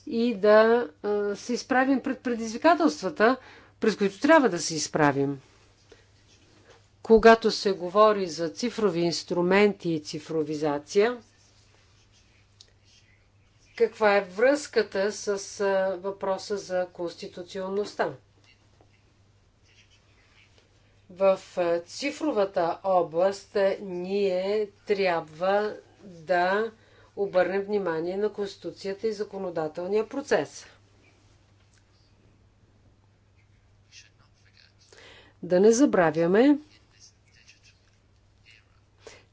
и да се изправим пред предизвикателствата, през които трябва да се изправим. Когато се говори за цифрови инструменти и цифровизация, каква е връзката с въпроса за конституционността? В е, цифровата област е, ние трябва да обърнем внимание на Конституцията и законодателния процес. Да не забравяме,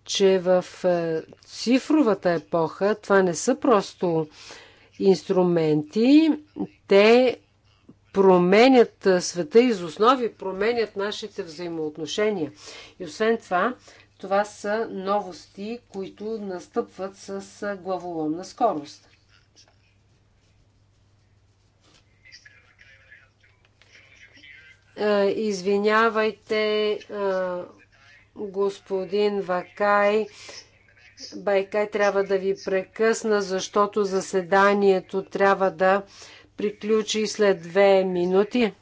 че в е, цифровата епоха това не са просто инструменти, те променят света из основи, променят нашите взаимоотношения. И освен това, това са новости, които настъпват с главоломна скорост. Извинявайте, господин Вакай. Байкай трябва да ви прекъсна, защото заседанието трябва да приключи след две минути.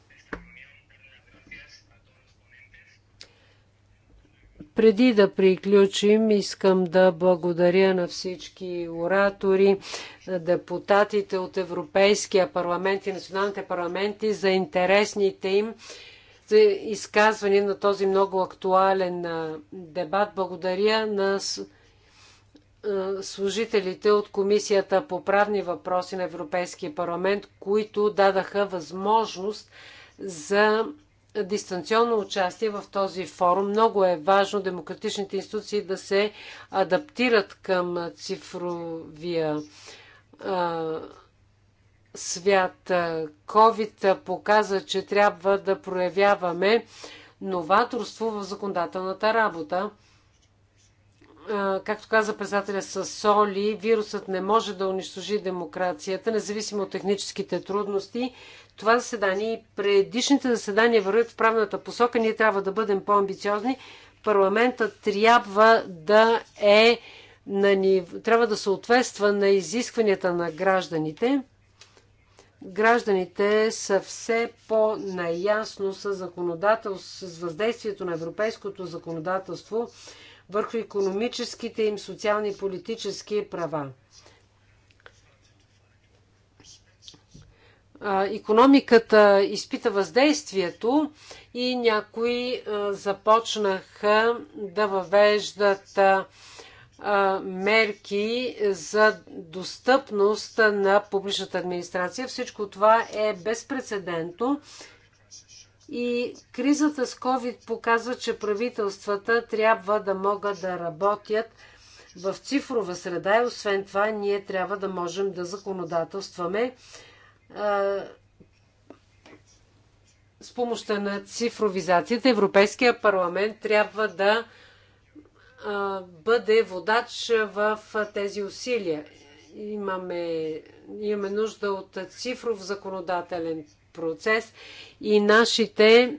Преди да приключим, искам да благодаря на всички оратори, депутатите от Европейския парламент и националните парламенти за интересните им изказвания на този много актуален дебат. Благодаря на е, служителите от Комисията по правни въпроси на Европейския парламент, които дадаха възможност за дистанционно участие в този форум. Много е важно демократичните институции да се адаптират към цифровия е, свят. COVID показа, че трябва да проявяваме новаторство в законодателната работа както каза председателя с Соли, вирусът не може да унищожи демокрацията, независимо от техническите трудности. Това заседание и предишните заседания вървят в правната посока. Ние трябва да бъдем по-амбициозни. Парламентът трябва да е на нив... трябва да съответства на изискванията на гражданите. Гражданите са все по-наясно с, законодателство, с въздействието на европейското законодателство върху економическите им социални и политически права. Економиката изпита въздействието и някои започнаха да въвеждат мерки за достъпност на публичната администрация. Всичко това е безпредседентно и кризата с COVID показва, че правителствата трябва да могат да работят в цифрова среда и освен това ние трябва да можем да законодателстваме с помощта на цифровизацията. Европейския парламент трябва да бъде водач в тези усилия. Имаме, имаме нужда от цифров законодателен процес и нашите е,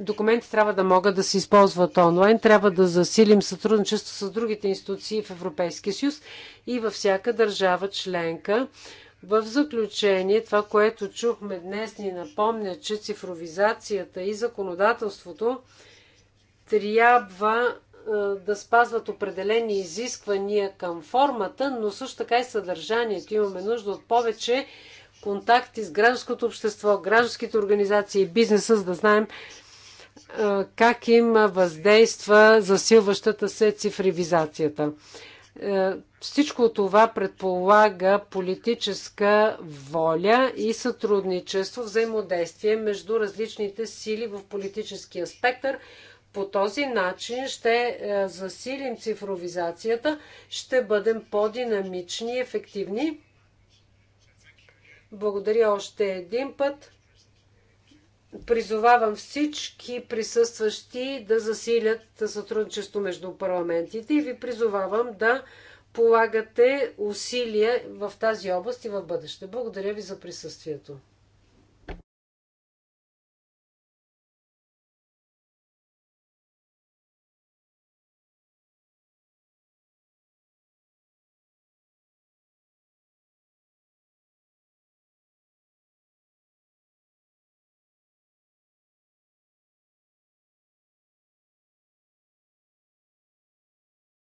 документи трябва да могат да се използват онлайн. Трябва да засилим сътрудничество с другите институции в Европейския съюз и във всяка държава членка. В заключение, това, което чухме днес, ни напомня, че цифровизацията и законодателството трябва е, да спазват определени изисквания към формата, но също така и съдържанието. Имаме нужда от повече контакти с гражданското общество, гражданските организации и бизнеса, за да знаем как им въздейства засилващата се цифривизацията. Е, всичко това предполага политическа воля и сътрудничество, взаимодействие между различните сили в политическия спектър. По този начин ще е, засилим цифровизацията, ще бъдем по-динамични и ефективни благодаря още един път. Призовавам всички присъстващи да засилят сътрудничество между парламентите и ви призовавам да полагате усилия в тази област и в бъдеще. Благодаря ви за присъствието.